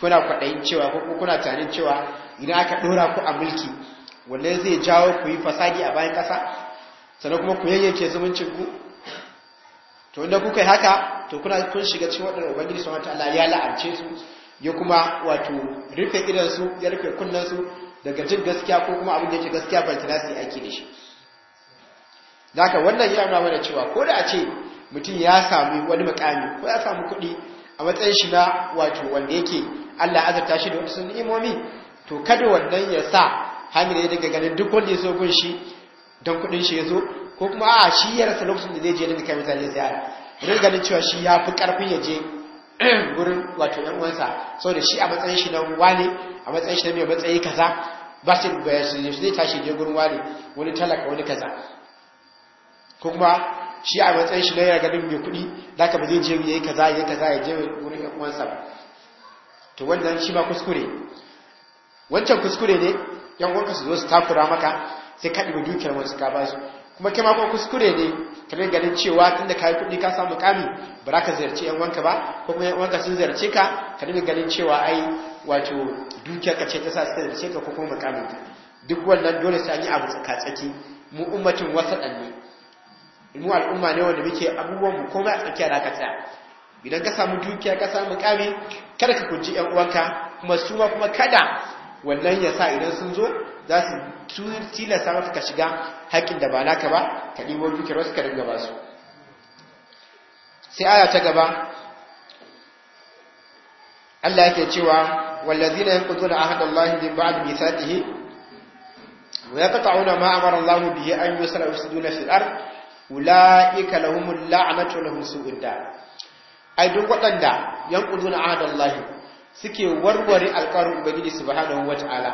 kuna kwaɗayin cewa ko kuna tunanin cewa idan aka ɗora ku a mulki wanda zai jawo ku yi fasadi a bayan ƙasa sannan kuma ku yayyace zumuncin ku to inda kuka yi haka to kuna kun shiga cikin waɗanda ubangiji subhanahu wataala ya la'ance su ya kuma wato rufe idan su ya rufe kunnen su daga jin gaskiya ko kuma abin da yake gaskiya ba ta su aiki da shi zaka wannan ya nuna mana cewa ko da a ce mutum ya sami wani makami ko ya samu kuɗi a matsayin shi na wato wanda yake Allah azurta shi da wasu ni'imomi to kada wannan ya sa hanyar ya daga ganin duk wanda ya so gun shi don kuɗin shi ya zo ko kuma a shi ya rasa lokacin da zai je da kai mutane ziyara idan ganin cewa shi ya fi karfin ya je gurin wato yan uwansa saboda shi a matsayin shi na wane a matsayin shi na mai matsayi kaza ba su zai tashi je gurin wane wani talaka wani kaza ko kuma shi a matsayin shi na yaga ganin mai kuɗi za ka ba zai je ya yi kaza ya yi kaza ya je wurin yan uwansa ba to wannan shi ma kuskure wancan kuskure ne yan uwanka su zo su takura maka sai kaɗi ba dukiyar wasu ka ba su kuma kai ma kuskure ne ka dinga ganin cewa tunda ka yi kuɗi ka samu kami ba za ka ziyarci yan uwanka ba ko kuma yan uwanka sun ziyarce ka ka dinga ganin cewa ai wato dukiyar ka ce ta sa suka ziyarce ka ko kuma mukamin duk wannan dole sai an yi abu tsakatsaki mu ummatin wasaɗan ne mu al'umma ne wanda muke abubuwan mu komai a tsakiya da kasa idan ka samu dukiya ka samu kame kada ka kunji yan uwanka kuma su ma kuma kada wannan ya sa idan sun zo za su tilasta maka ka shiga haƙƙin da ba naka ba ka ɗibo dukiyar wasu ka dinga ba su sai aya ta gaba Allah yake cewa wallazina yanquduna ahadallahi min ba'd mithatihi wa yaqta'una ma amara Allahu bihi an yusra yusiduna fil ardh ula'ika lahumul la'natu lahum su'ud da. ai duk waɗanda yanquduna ahdallahi suke warware alƙawarin ubangiji subhanahu wata'ala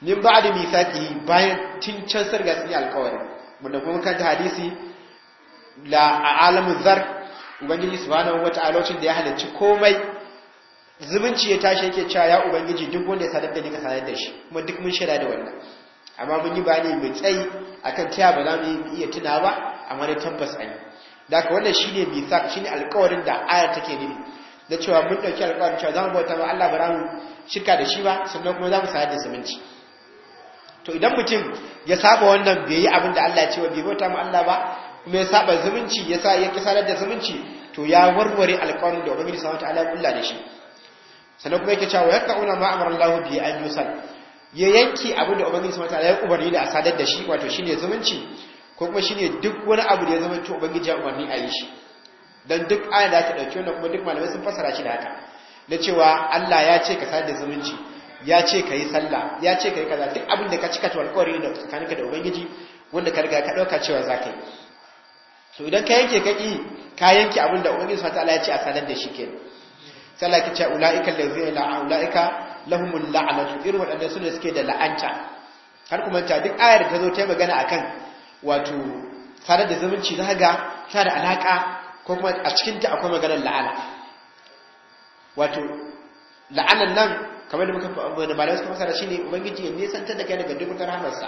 min ba'da mithaqihi bayan can sarga sun yi alƙawarin da kuma kan hadisi la alamu zar ubangiji subhanahu wata'ala cin da ya halarci komai zumunci ya tashi yake cewa ya ubangiji duk wanda ya sadar da ni ka sadar da shi kuma duk mun shaida da wannan amma mun yi bayani mai tsayi akan taya ba za mu iya tuna ba amma dai tabbas an yi da ka wannan shine shi shine alƙawarin da aya take nufi da cewa mun dauki alƙawarin cewa za mu bauta ma Allah ba za mu shirka da shi ba sannan kuma za mu sayar da zumunci to idan mutum ya saba wannan bai yi abin da Allah ya ce wa bai bauta ma Allah ba kuma ya saba zumunci ya sa ya kisarar da zumunci to ya warware alƙawarin da Ubangiji subhanahu wataala ya kulla da shi sannan kuma yake cewa yaqauna ma amara Allah bi an yusal ya yanki abu da ubangiji sama wataala ya umarni da a sadar da shi wato shine zumunci ko kuma shine duk wani abu da ya zama to ubangiji ya umarni a yi shi dan duk aya da ta ɗauki wannan kuma duk malamai sun fassara shi da haka Na cewa Allah ya ce ka sadar da zumunci ya ce ka yi sallah ya ce ka yi kaza duk abin da ka cika to alƙawari da tsakaninka da ubangiji wanda ka riga ka dauka cewa za ka yi to idan ka yanke ka yi, ka yanke abin da ubangiji sama wataala ya ce a sadar da shi kenan sallah kace ulaika allazina la'a ulaika lahumul la'natu irin waɗanda suna suke da la'anta har kuma ta duk ayar ta zo ta magana akan wato tare da zumunci za ga ta da alaka ko kuma a cikin ta akwai maganar la'ana wato la'anan nan kamar da muka da malamai suka fasara shine ubangiji ya ta da kai daga dukkan rahmarsa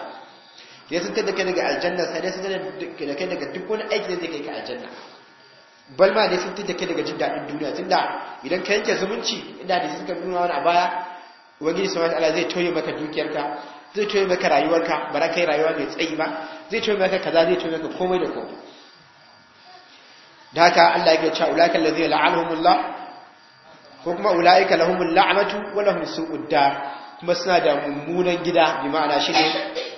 ya ta da kai daga aljanna sai ya ta da kai daga duk wani aiki da zai kai ka aljanna bal ma da ya ta da kai daga jin daɗin duniya tunda idan ka yanke zumunci inda da suka nuna wani a baya ubangiji subhanahu ala zai toye maka dukiyarka zai toye maka rayuwarka ba za ka yi rayuwa mai tsayi ba zai toye maka kaza zai toye maka komai da komai da haka Allah yake cewa ulaka allazi la'anahumullah ko kuma ulaika lahumul la'natu wa lahum su'ud dar kuma suna da mummunan gida bi ma'ana shine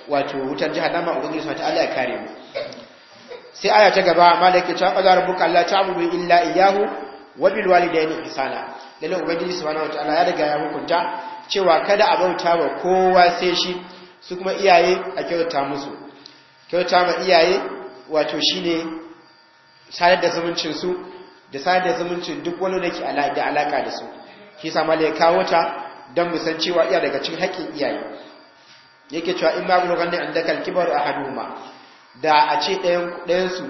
wato wutar jahannama ubangiji subhanahu Allah ya kare mu sai aya ta gaba malaka ta qadara rabbuka alla ta'budu illa iyyahu wa bil walidayni ihsana lalle ubangiji subhanahu ta'ala ya riga ya hukunta cewa kada a bauta wa kowa sai shi su kuma iyaye a kyauta musu kyauta ma iyaye wato shine sadar da zumuncin da sadar da zumuncin duk wani da ke da alaka da su shi da malai kawo ta don mu san cewa iya daga cikin haƙƙin iyaye yake cewa in ma bulugan ne andaka a ahaduma da a ce ɗayan su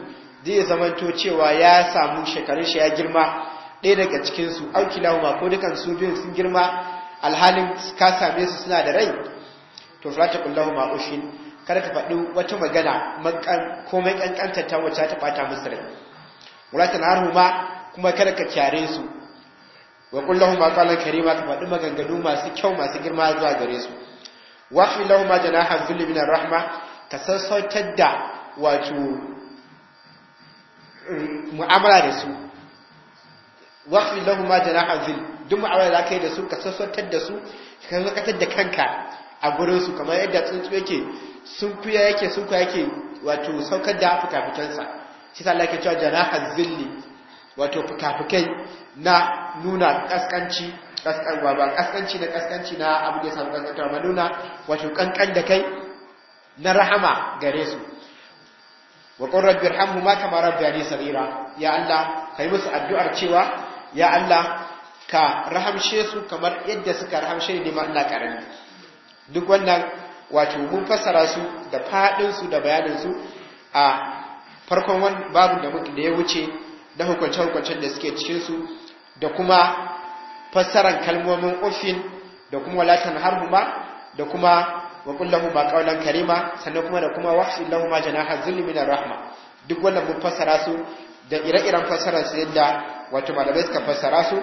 zai zamanto cewa ya samu shekarun shi ya girma ɗaya daga cikinsu su lauma ko dukan su biyun sun girma alhalin ka same su suna da rai to falata kullahu ma ushin kada ka faɗi wata magana komai kankanta ta wacce ta bata musu rai wala naru ma kuma kada ka kyare su wa kullahu ma qalan karima ka faɗi maganganu masu kyau masu girma zuwa gare su wa lahu ma janaha dhulli min rahma ka sassautar da wato mm, mu'amala da su wa lahu ma janaha dhulli duk mu'amala da ka yi da su ka sassantar da su ka zakatar da kanka a gurin su kamar yadda tsuntsu yake sun fiya yake sun kuwa yake wato saukar da fuka sa. shi sallah ke cewa janahan zilli wato fuka-fukai na nuna kaskanci ba kaskanci na kaskanci na abu da ya samu kaskantar ma nuna wato kankan da kai na rahama gare su wa qur rabbi irhamhuma kama rabbayani saghira ya allah kai musu addu'ar cewa ya allah ka rahamshe su kamar yadda suka rahamshe ne ma karami duk wannan wato mun fassara su da fadin da bayaninsu a farkon wani babu da muke da ya wuce da hukunce-hukuncen da suke cikin su da kuma fassaran kalmomin ofin da kuma walatan harhuma da kuma wa kullahu ma karima sannan kuma da kuma wasu lahu ma janaha zulmi rahma duk wannan mun fassara su da ire-iren fassaran su yadda wato malamai suka fassara su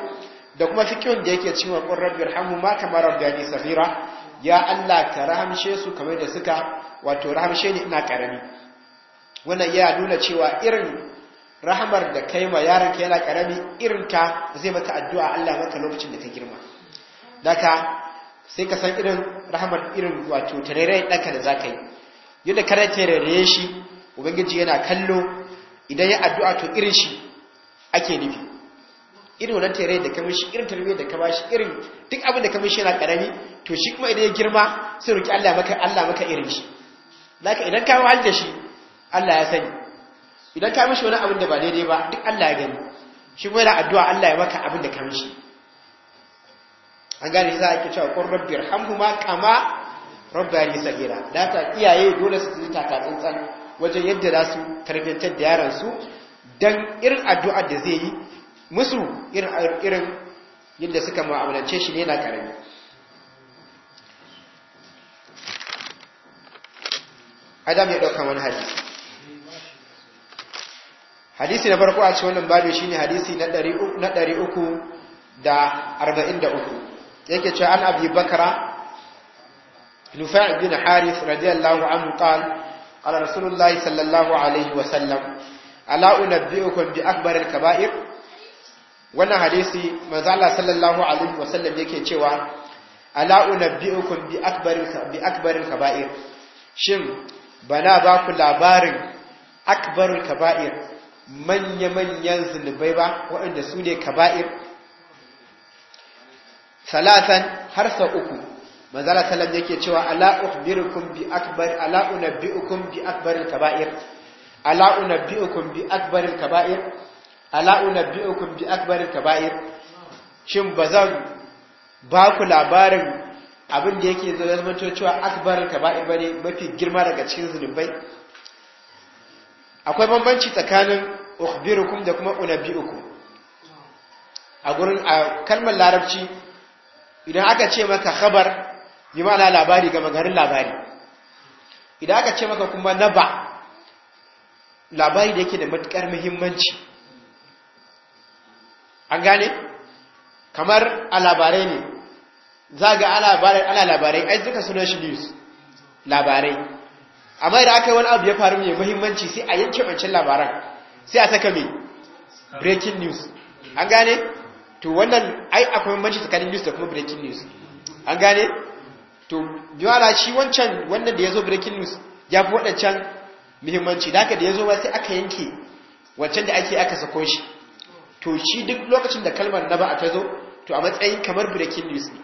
da kuma fiqhun da yake cewa kun rabbi irhamhu ma kamar rabbani safira, ya Allah ka rahamshe su kamar da suka wato rahamshe ni ina karami wannan ya nuna cewa irin rahamar da kai ma yaron ka yana karami irin ka zai maka addu'a Allah maka lokacin da ka girma daka sai ka san irin rahamar irin wato tarerayen danka da za yi yadda kare tareraye shi ubangiji yana kallo idan ya addu'a to irin shi ake nufi irin wannan tare da ka mishi irin tarbiyyar da ka bashi irin duk abin da ka mishi yana karami to shi kuma idan ya girma sai roki Allah maka Allah maka irin shi zaka idan ka wahal da shi Allah ya sani idan ka mishi wani abin da ba daidai ba duk Allah ya gani shi kuma yana addu'a Allah ya maka abin da ka mishi an gane za a ke cewa qur rabbi irhamhuma kama rabbani sagira da ta iyaye dole su yi taka tsantsan wajen yadda za su tarbiyyantar da yaran su dan irin addu'ar da zai yi musu irin irin yadda suka mu'amalance shi ne na karami adam ya dauka wani hadisi hadisi na farko a cikin wannan babu shine hadisi na 300 na 343 yake cewa an abi bakara نفاع بن حارث رضي الله عنه قال قال رسول الله صلى الله عليه وسلم ألا أنبئكم بأكبر wannan hadisi manzo Allah sallallahu alaihi wasallam yake cewa ala unabbiukum bi akbari bi akbari kaba'ir shin bana ba ku labarin akbari kaba'ir manya manyan zunubai ba waɗanda su ne kaba'ir salatan har sa uku manzo Allah sallallahu yake cewa ala ukhbirukum bi akbari ala unabbiukum bi akbari kaba'ir ala unabbiukum bi akbari kaba'ir ala unabbi'ukum bi akbaril kaba'ir shin bazan ba ku labarin abin da yake zo zama cewa akbaril kaba'ir bane mafi girma daga cikin zunubai akwai bambanci tsakanin ukhbirukum da kuma unabbi'ukum a gurin a kalmar larabci idan aka ce maka khabar bi ma'ana labari ga magarin labari idan aka ce maka kuma naba labari da yake da matukar muhimmanci an gane kamar a labarai ne za ga ana labarai ai duka sunan shi news labarai amma da aka yi wani abu ya faru mai muhimmanci sai a yanke wancan labaran sai a saka mai breaking news an gane to wannan ai akwai muhimmanci tsakanin news da kuma breaking news an gane to jiwala shi wancan wannan da ya zo breaking news ya fi waɗancan muhimmanci da aka da ya zo ba sai aka yanke wancan da ake aka sako shi to shi duk lokacin da kalmar naba'a ta zo to a matsayin kamar breaking news ne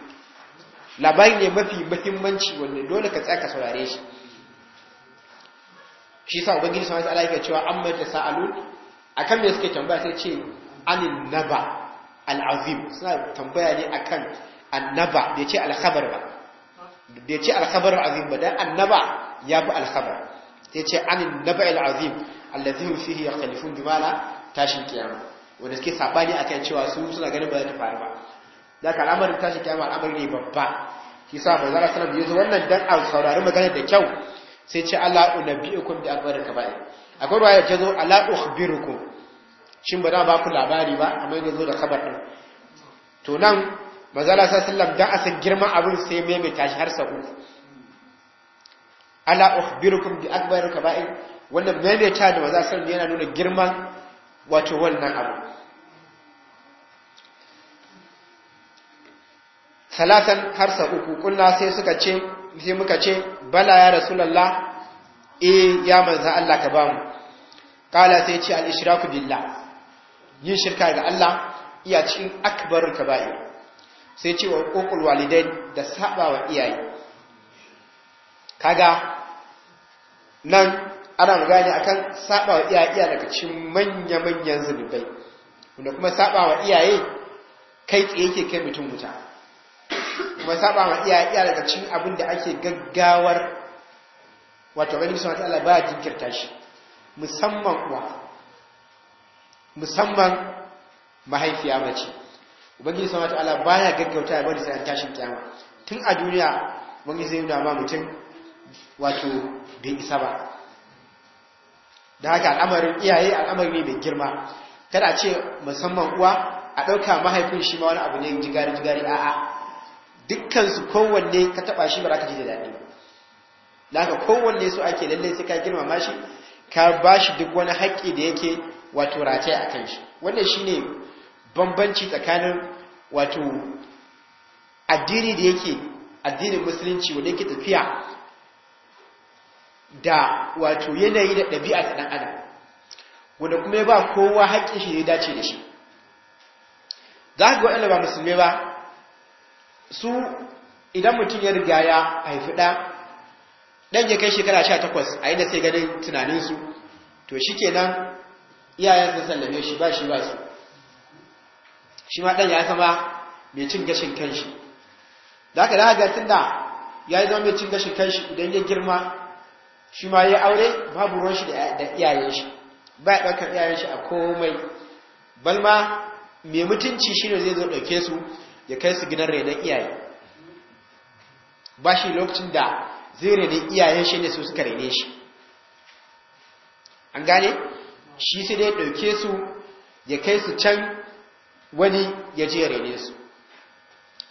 labari ne mafi mahimmanci wanda dole ka tsaka saurare shi shi sa ubangiji sama ta alaƙa cewa an mai ta sa'alun a kan me suke tambaya sai ce anin naba al'azim suna tambaya ne a kan annaba da ce alkhabar ba da ce alkhabar azim ba dan annaba ya fi alkhabar sai ce anin naba al'azim allazi fihi yakhlifun bima tashin kiyama wanda suke sabani kan cewa su suna ganin ba za ta faru ba da ka al'amarin tashi kyamar al'amari ne babba shi sa manzo sanar da yanzu, wannan dan a saurari maganar da kyau sai ce Allah unabbiukum bi ka bai akwai ruwaya ta zo ala ku shin ba za ba ku labari ba amma yanzu zo da kabar din to nan manzo sallallahu alaihi dan a san girma abin sai mai mai tashi har sau ala da bi ka bai wannan maimaita da maza sallallahu yana nuna girman wato wannan abu salatan har sa uku kunna sai suka ce sai muka ce bala ya rasulullah eh ya manzo Allah ka bamu kala sai ce al ishraku billah yin shirka ga Allah iya cikin akbarul kaba'ir sai ce wa uqul walidai da saba wa iyaye kaga nan ana magana akan saba wa iyaye iya daga cikin manya-manyan zunubai wanda kuma saba wa iyaye kai tsaye yake kai mutum wuta kuma saba wa iyaye iya daga cikin abin da ake gaggawar wato ganin sun Allah ba jinkirta shi musamman uwa musamman mahaifiya mace ubangiji sun Allah baya gaggauta ya bari sai tashin kiyama tun a duniya wani zai nuna ma mutum wato bai isa ba da haka al'amarin iyaye al'amari ne mai girma kada ce musamman uwa a ɗauka mahaifin shi ma wani abu ne jigari jigari a'a dukkansu kowanne ka taɓa shi ba za ka ji da daɗi ba da haka kowanne su ake lallai sai ka girmama shi ka ba shi duk wani haƙƙi da yake wato rataye a kan shi wannan shine bambanci tsakanin wato addini da yake addinin musulunci wanda yake tafiya da wato yanayi da ɗabi'a ta ɗan adam wanda kuma ya ba kowa haƙƙin shi ya dace da shi za ga waɗanda ba musulmai ba su idan mutum ya riga ya haifi ɗa ɗan ya kai shekara sha takwas a yadda sai ganin tunaninsu to shi ke nan iyayen sun sallame shi ba shi ba su shi ma ɗan ya zama mai cin gashin kanshi da ka daga tun da ya yi zama mai cin gashin kanshi idan ya girma shi ma ya aure babu ruwan shi da iyayen shi ba ya ɗaukar iyayen shi a komai balma mai mutunci shi ne zai zo ɗauke su ya kai su gidan renon iyaye ba shi lokacin da zai na iyayen shi ne su suka rene shi an gane shi sai dai ɗauke su ya kai su can wani ya je rai ne su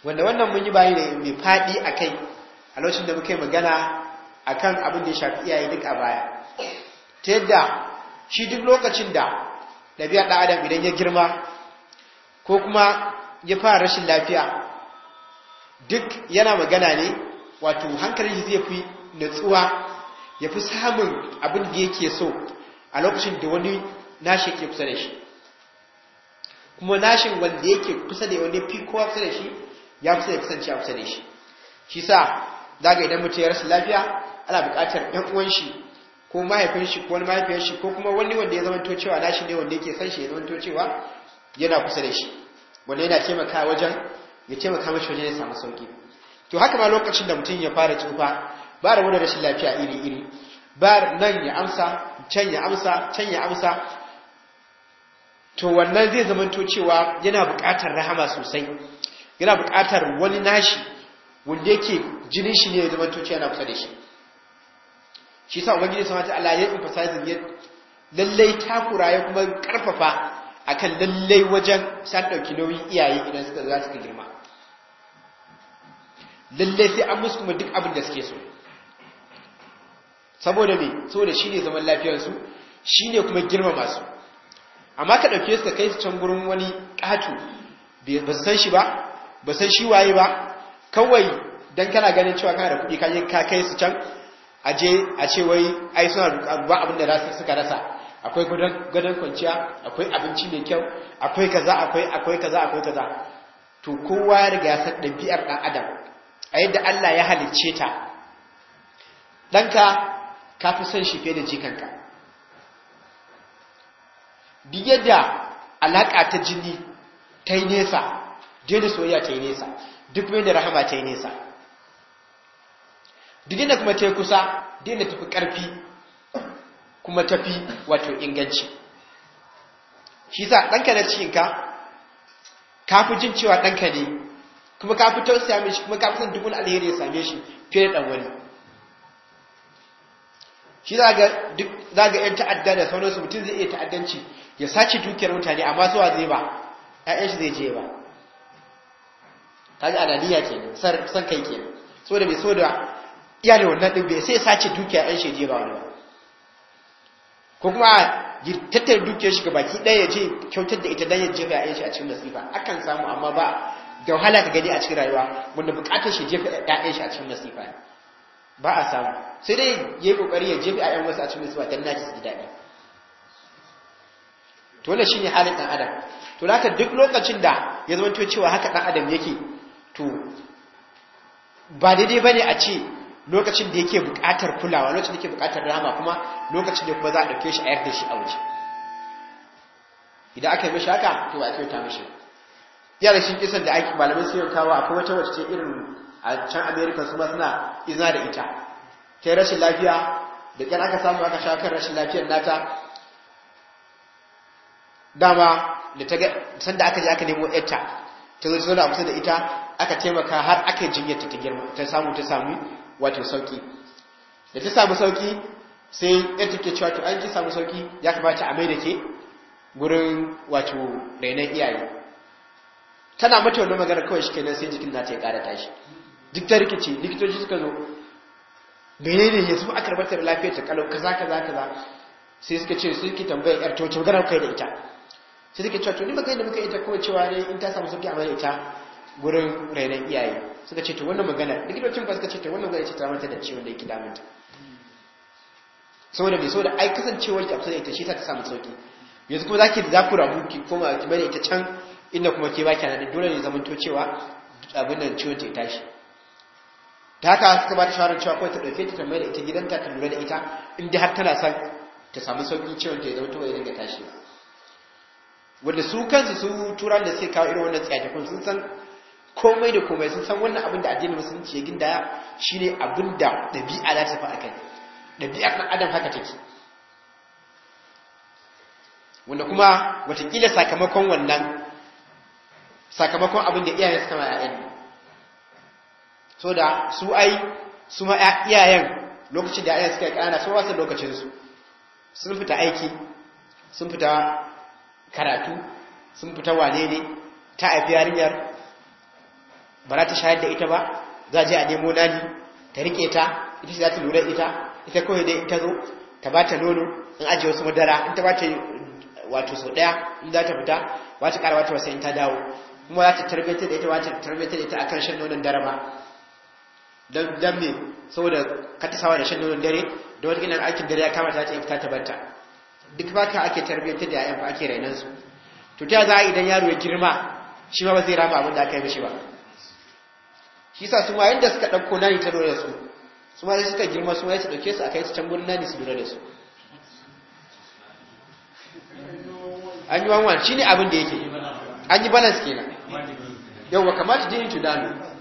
wanda wannan mun yi bayi mai faɗi a kai a lokacin da muka yi magana akan abin da ya shafi iyaye duk a baya ta yadda shi duk lokacin da ɗabi'a ɗan adam idan ya girma ko kuma ya fara rashin lafiya duk yana magana ne wato hankalin shi zai fi natsuwa ya fi samun abin da yake so a lokacin da wani nashi ke kusa da shi kuma nashin wanda yake kusa da wani fi kowa kusa da shi ya kusa da kusanci a kusa da shi shi sa za ga idan mutum ya rasa lafiya ana buƙatar ɗan uwan shi ko mahaifin shi ko wani mahaifiyar shi ko kuma wani wanda ya zama to cewa nashi ne wanda yake san shi ya zama to cewa yana kusa da shi wanda yana taimaka wajen ya taimaka mashi wajen ya samu sauki to haka ma lokacin da mutum ya fara tsufa ba da wani rashin lafiya iri iri ba nan ya amsa can ya amsa can ya amsa to wannan zai zama to cewa yana buƙatar rahama sosai yana buƙatar wani nashi wanda yake jinin shi ne ya zama to cewa yana kusa da shi shi sa ubangiji subhanahu wataala ya emphasizing ya lallai takura ya kuma karfafa akan lallai wajen san dauki nauyin iyaye idan suka za su girma lallai sai an musu kuma duk abin da suke so saboda me saboda shine zaman lafiyar su shine kuma girma masu amma ka ɗauke su ka kai su can gurin wani katu ba san shi ba ba san shi waye ba kawai dan kana ganin cewa kana da kuɗi ka ka kai su can a je a ce wai ai suna ba abin da suka rasa akwai gudan kwanciya akwai abinci mai kyau akwai kaza akwai akwai kaza akwai kaza to kowa ya riga ya san ɗabi'ar ɗan adam a yadda Allah ya halicce ta ɗanka ka fi son shi fiye da jikanka duk yadda alaƙa ta jini ta yi nesa jini soyayya ta yi nesa duk mai da rahama ta yi nesa didina kuma ta kusa ta tafi ƙarfi kuma tafi wato inganci shi sa ɗanka na cikinka ka fi jin cewa ɗanka ne kuma ka fi ya mishi kuma ka fi san dubun alheri ya same shi fiye da ɗan wani shi za ga ‘yan ta'adda da sauransu mutum zai iya ta'addanci ya sace dukiyar mutane amma suwa zai ba ‘ya'yan shi zai je ba ta ji ananiya ke san kai ke so da bai so da iya da wannan ɗin bai sai sace dukiya ɗan shi je ba wani ba ko kuma tattara dukiyar shi baki ɗaya ya je kyautar da ita dan ya jefa ƴaƴan shi a cikin nasifa akan samu amma ba da wahala ka gani a cikin rayuwa wanda buƙatar shi jefa ƴaƴan shi a cikin nasifa ba a samu sai dai ya yi ƙoƙari ya jefa ƴaƴan wasu a cikin nasifa dan naji su ji daɗi to wannan shine halin ɗan adam to haka duk lokacin da ya zama cewa haka ɗan adam yake to ba daidai bane a ce lokacin da yake buƙatar kulawa lokacin da yake buƙatar rama kuma lokacin da kuma za a ɗauke shi a yarda shi a waje idan aka yi mishi haka to ba a kyauta mishi da shi kisan da aiki malamin su yau kawo akwai wata wacce irin a can america su ma suna izina da ita ta rashin lafiya da kyan aka samu aka sha kan rashin lafiyar nata dama da ta ga sanda aka je aka nemo yarta ta zo ta zauna kusa da ita aka taimaka har aka yi jinyar ta girma ta samu ta samu wato sauki da ta samu sauki sai yadda ke cewa to an ki samu sauki ya kamata a mai da ke gurin wato rainon iyaye tana mata wani magana kawai shi kenan sai jikin nata ya ƙara tashi duk ta rikici likitoci suka zo menene ya zuwa aka rabar lafiyar ta kalau kaza kaza kaza sai suka ce su ki tambaya yar to ce magana kai da ita sai suka cewa to ni magana da muka ita kawai cewa ne in ta samu sauki a mai ita gurin rainon iyaye suka ce to wannan magana likitocin ba suka ce to wannan magana ce ta mata da ciwon da yake damunta saboda bai saboda ai kasancewar ki a da ita shi ta samu sauki yanzu kuma zaki za ku rabu ki koma ki bane ita can inda kuma ke baki da dole ne zamanto cewa abin nan ciwon ta tashi ta haka suka ba ta shawarar cewa kawai ta ɗauke ta tambaye da ita gidanta ta lura da ita inda har tana son ta samu sauƙin ciwon ta ya zama tuwaye ya dinga tashi wanda su kansu su turan da suke kawo irin wannan tsiyatakun sun san komai da komai sun san wannan abin da addini musulunci ya gindaya shine abin da dabi'a za ta fi kai, dabi'ar kan adam haka take wanda kuma watakila sakamakon wannan sakamakon abin da iyayen suka ma ƴaƴan so da su ai su ma iyayen lokacin da iyayen suka yi ƙanana sun wasa lokacinsu sun fita aiki sun fita karatu sun fita wane ne ta haifi yarinyar ba za ta shayar da ita ba za je a nemo nani ta rike ta ita za ta lura ita ita kawai dai ta zo ta ba ta nono in aji wasu madara in ta ba ta wato sau daya in za ta fita ba ta karawa ta wasu in ta dawo kuma za ta tarbeta da ita ba ta tarbeta da ita kan shan nonon dare ba don me saboda ka ta sawa da shan nonon dare da wani inan aikin dare ya kama ta ta fita ta banta duk ba ka ake tarbeta da yayan fa ake rainan to ta za a idan yaro ya girma shi ba zai rama abin da aka yi mishi ba shi sa su ma yadda suka ɗauko nani ta lura da su su ma zai suka girma su ma su ɗauke su a kai su can na nani su lura da su an yi wanwan shi ne abin da yake an yi balance Yau yawwa kamata jini tunano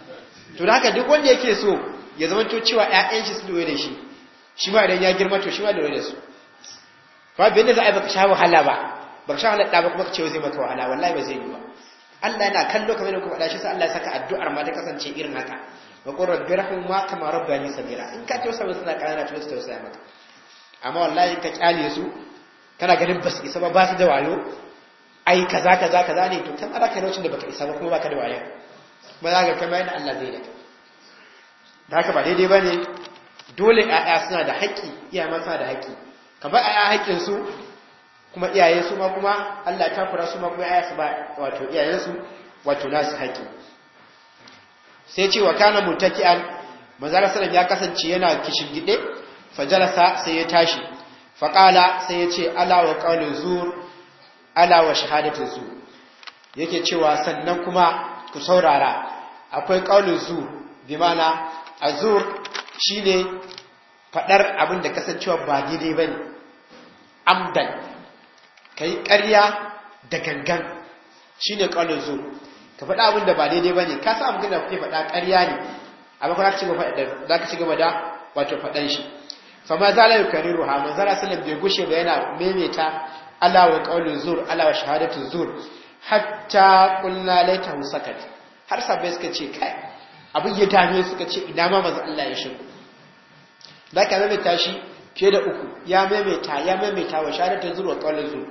to da haka duk wanda yake so ya zama to cewa ƴaƴan shi su lura da shi shi ma idan ya girma to shi ma lura da su fa bin da za a yi baka sha wahala ba baka sha wahala ba kuma ka ce zai maka wahala wallahi ba zai yi ba Allah yana kallo kamar da ku faɗa shi sai Allah ya saka addu'ar ma ta kasance irin haka wa qur rabbi ma kama rabbani sabira in ka tausa musu suna kana to su tausa maka amma wallahi ka kyale su kana ganin basu isa ba ba su da wayo ai kaza kaza kaza ne to kan ara kai lokacin da baka isa ba kuma baka da wayo ba za ka kama yana Allah zai da da haka ba daidai bane dole ƴaƴa suna da haƙƙi iya ma suna da haƙƙi ka ba ƴaƴa haƙƙin su kuma iyaye su ma kuma Allah ta kura su ma kuma ayasu ba wato iyayen su wato nasu haƙi sai ce wa kana mutaki'an manzara sallam ya kasance yana fa fajalasa sai ya tashi faqala sai ya ce ala wa qawlu zur ala wa shahadatu zur yake cewa sannan kuma ku saurara akwai qawlu zur bi mana azur shine fadar abin da kasancewa ba daidai bane amdan ka yi ƙarya da gangan shi ne ƙwallon zo ka faɗa abin da ba daidai ba ne ka sa abin da kuke faɗa ƙarya ne amma kuma za ka ci gaba da wato faɗan shi fama za la yukari ruha manzara sallam bai gushe ba yana maimaita alawar ƙwallon zur alawar shahadatun zur hatta ƙulla laita musakat har sabai suka ce kai abin ya dame suka ce ina ma maza Allah ya shigo za ka maimaita shi ke da uku ya maimaita ya maimaita wa shahadatar zuwa kawalin zuwa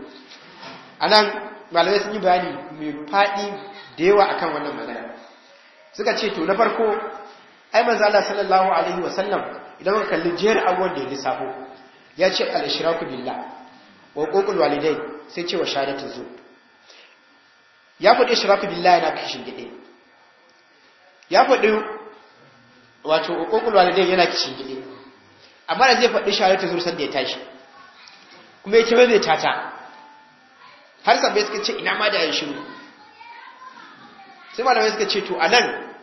a nan malamai sun yi bayani mai faɗi da yawa akan wannan magana suka ce to na farko ai maza Allah sallallahu alaihi wa sallam idan muka kalli jihar abuwan da ya lissafo ya ce alishiraku ishraku billah wa kokul walidai sai ce wa shahadatu zuwa ya faɗi shiraku billah yana kishin gide ya faɗi wato huququl walidai yana kishin gide amma da zai faɗi shawarar ta zuru sanda ya tashi kuma ya ce mai tata har sabbai suka ce ina ma da ya shiru sai malamai suka ce to a nan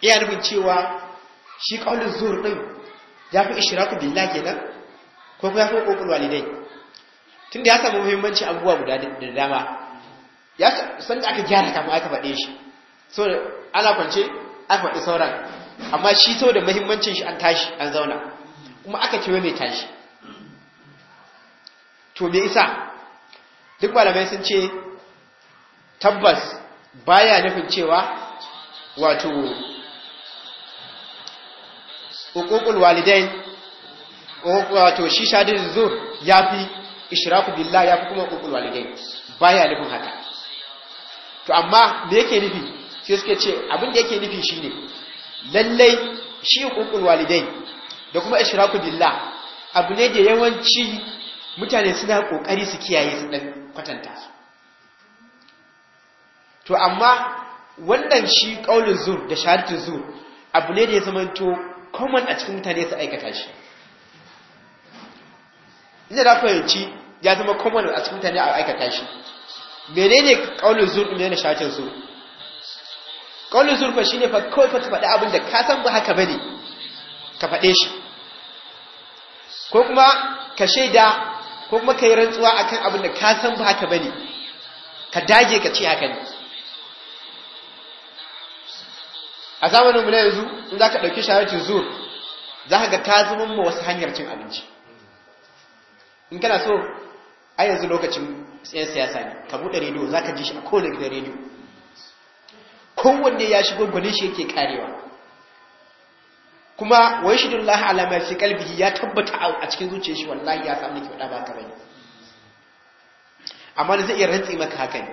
iya nufin cewa shi ƙaunin zuru ɗin ya fi ishiraku billah nan, ko kuma ya fi ƙoƙon walidai tun da ya samu muhimmanci abubuwa guda da dama ya san da aka gyara kafin aka faɗe shi so ana kwance aka faɗi sauran amma shi da muhimmancin shi an tashi an zauna kuma aka ce mai tashi to me isa duk malamai sun ce tabbas baya nufin cewa wato hukukul walidain wato shi shadin ya fi ishiraku billah fi kuma hukukul walidain baya nufin haka to amma me yake nufi sai suke ce abinda yake nufi ne. lallai shi hukukul walidain da kuma ishraku billah abu ne da yawanci mutane suna kokari su kiyaye su dan kwatanta su to amma wannan shi kaulin zur da shahadatul zur abu ne da ya zama to common a cikin mutane su aikata shi ina da fahimci ya zama common a cikin mutane a aikata shi menene kaulin zur ne menene shahadatul zur kaulin zur fa shine fa kawai fa ta faɗi abin da ka san ba haka bane ka faɗe shi ko kuma ka shaida ko kuma ka yi rantsuwa a kan abin da ka san ba ka bane ka dage ka ce haka ne a zamanin mu na yanzu in za ka ɗauki shahararci zuwa za ka ga ta zama ma wasu hanyar cin abinci in kana so a yanzu lokacin yan siyasa ne ka buɗe rediyo za ka ji shi a kowane gidan rediyo kowanne ya shigo gwanin shi yake karewa kuma wa yashhadullahu ala ma fi qalbihi ya tabbata a cikin zuciyar shi wallahi ya samu kyauta ba ka bane amma zai iya rantsi maka haka ne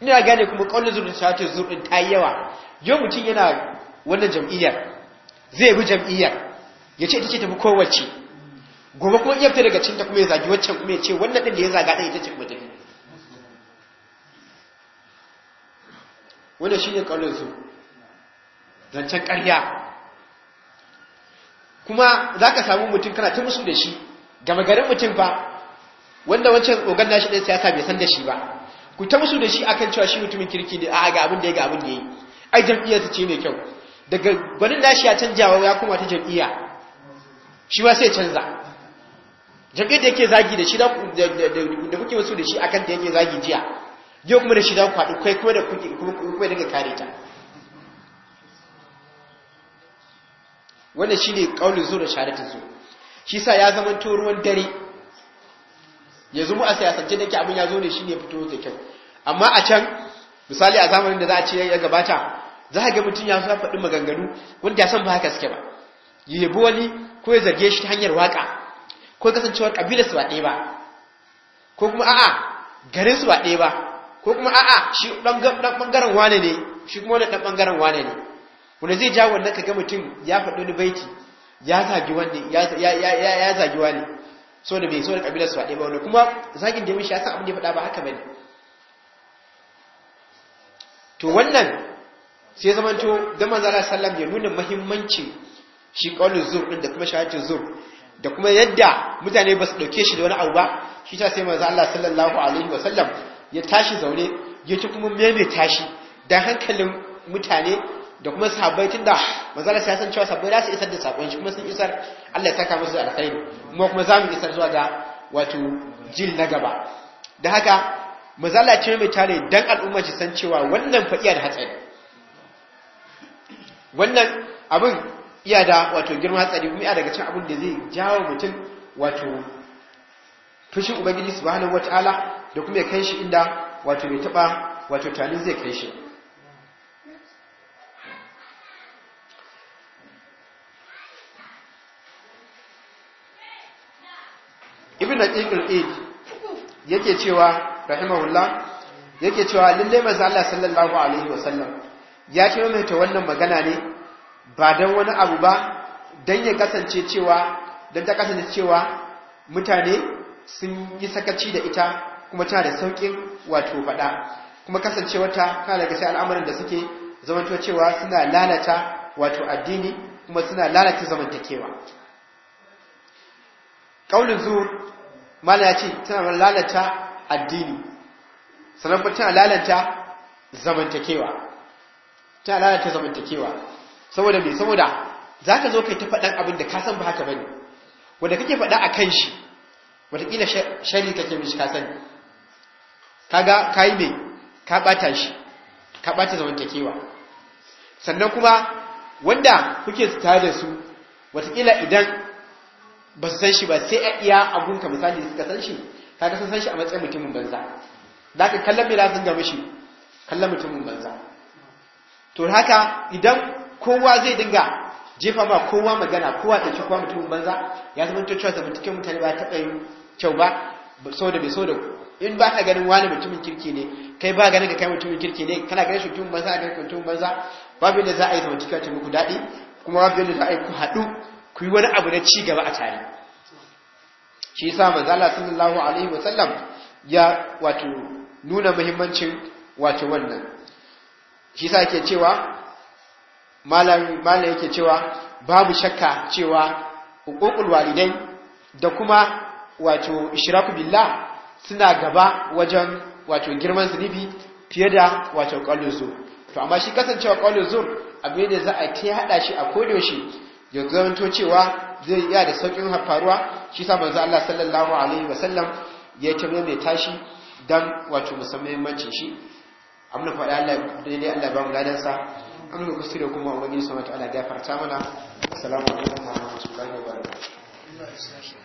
ina gane kuma kaulin zurin sata zurin ta yawa yau mutum yana wannan jam'iyyar zai bi jam'iyyar ya ce ita ce tafi kowace gobe kuma iya fita daga ta kuma ya zagi waccan kuma ya ce wannan din da ya zaga ɗin ita ce kuma tafi wannan shi ne kaulin zurin zancen ƙarya kuma za ka samu mutum kana ta musu da shi gama garin mutum ba wanda wancan ogan nashi ɗin siyasa bai san da shi ba ku ta musu da shi akan cewa shi mutumin kirki da a ga abin da ya ga abin da ya yi ai jam'iyyarsa ce mai kyau daga gwanin nashi ya wa ya kuma ta jam'iyya shi ma sai canza jam'iyyar da yake zagi da shi da kuke wasu da shi akan da yake zagi jiya yau kuma da shi za ku haɗu kai kuma da kuke kuma daga kare ta wanda wannan ne kaulin zuwa shahadatin zo shi sa ya zama to ruwan dare Ya mu a siyasance da ke abin ya zo ne shi ne fito da kyau amma a can misali a zamanin da za a ce ya gabata za a ga mutum ya zuwa faɗin maganganu wanda ya san ba haka suke ba ya yabi wani ko ya zarge shi ta hanyar waka ko kasancewar kabilar su ba ɗaya ba ko kuma a'a garin su ba ɗaya ba ko kuma a'a shi ɗan ɓangaren wane ne shi kuma wani ɗan ɓangaren wane ne wanda zai ja wannan kaga mutum ya faɗi wani baiti ya zagi wani ya zagi wani so da bai so da kabilar su faɗi ba wani kuma zagin da mishi ya san abin da ya faɗa ba haka bane to wannan sai zamanto da manzo Allah sallam ya nuna muhimmancin shi qaulul zur din da kuma shahadatul zur da kuma yadda mutane ba su dauke shi da wani abu ba shi ta sai manzo Allah sallallahu alaihi wa sallam ya tashi zaune ya ci kuma meme tashi dan hankalin mutane da kuma sahabbai tunda manzala sai san cewa sahabbai za su isar da sakon shi kuma sun isar Allah ya saka musu alkhairi kuma kuma za mu isar zuwa ga wato jil na gaba da haka manzala ce mai tare dan al'umma ci san cewa wannan fa da hatsari wannan abin iya da wato girma hatsari kuma iya daga cikin abin da zai jawo mutum wato fushin ubangiji subhanahu wataala da kuma ya kai shi inda wato bai taba wato tanin zai kai shi daqiqul id yake cewa rahimahullah yake cewa lalle manzo Allah sallallahu alaihi wasallam ya mai ta wannan magana ne ba dan wani abu ba dan ya kasance cewa dan ta kasance cewa mutane sun yi sakaci da ita kuma tana da saukin wato fada kuma kasancewar ta ka daga al'amarin da suke zamanto cewa suna lalata wato addini kuma suna lalata zamantakewa kaulin zuhur mana ya ce tana lalata addini sannan kuma tana lalata zamantakewa tana lalata zamantakewa saboda me saboda za ka zo kai ta faɗan abin da ka san ba haka bane wanda kake faɗa a kan shi wataƙila shari kake mishi ka sani ka yi mai ka ɓata shi ka ɓata zamantakewa sannan kuma wanda kuke su tare da su wataƙila idan ba su san shi ba sai a iya abunka misali suka san shi kaga sun san shi a matsayin mutumin banza za ka kallon mai lazin ga mashi. kallon mutumin banza to haka idan kowa zai dinga jefa ma kowa magana kowa ta ci kowa mutumin banza ya zama ta cewa zamantakin mutane ba ta yin kyau ba sau da bai sau da in ba ka ganin wani mutumin kirki ne kai ba ganin ka kai mutumin kirki ne kana ganin shi mutumin banza a ganin mutumin banza babu yadda za a yi zamantakewa ta muku daɗi kuma babu yadda za a yi ku haɗu ku wani abu na ci gaba a tare shi yasa manzala sallallahu alaihi wa sallam ya wato nuna muhimmancin wato wannan shi yasa yake cewa malam yake cewa babu shakka cewa hukukul walidai da kuma wato ishraku billah suna gaba wajen wato girman zunubi fiye da wato qaulul to amma shi kasancewa qaulul zur abin da za a ta hada shi a shi. ya zamanto cewa zai iya da saukin faruwa shi sa manzo Allah sallallahu alaihi wasallam ya ce mai tashi dan wato musammancin shi amma faɗa Allah dai Allah ba mu ladan sa amma ku sire kuma ubangiji subhanahu wa ta'ala gafarta mana assalamu alaikum wa rahmatullahi wa barakatuh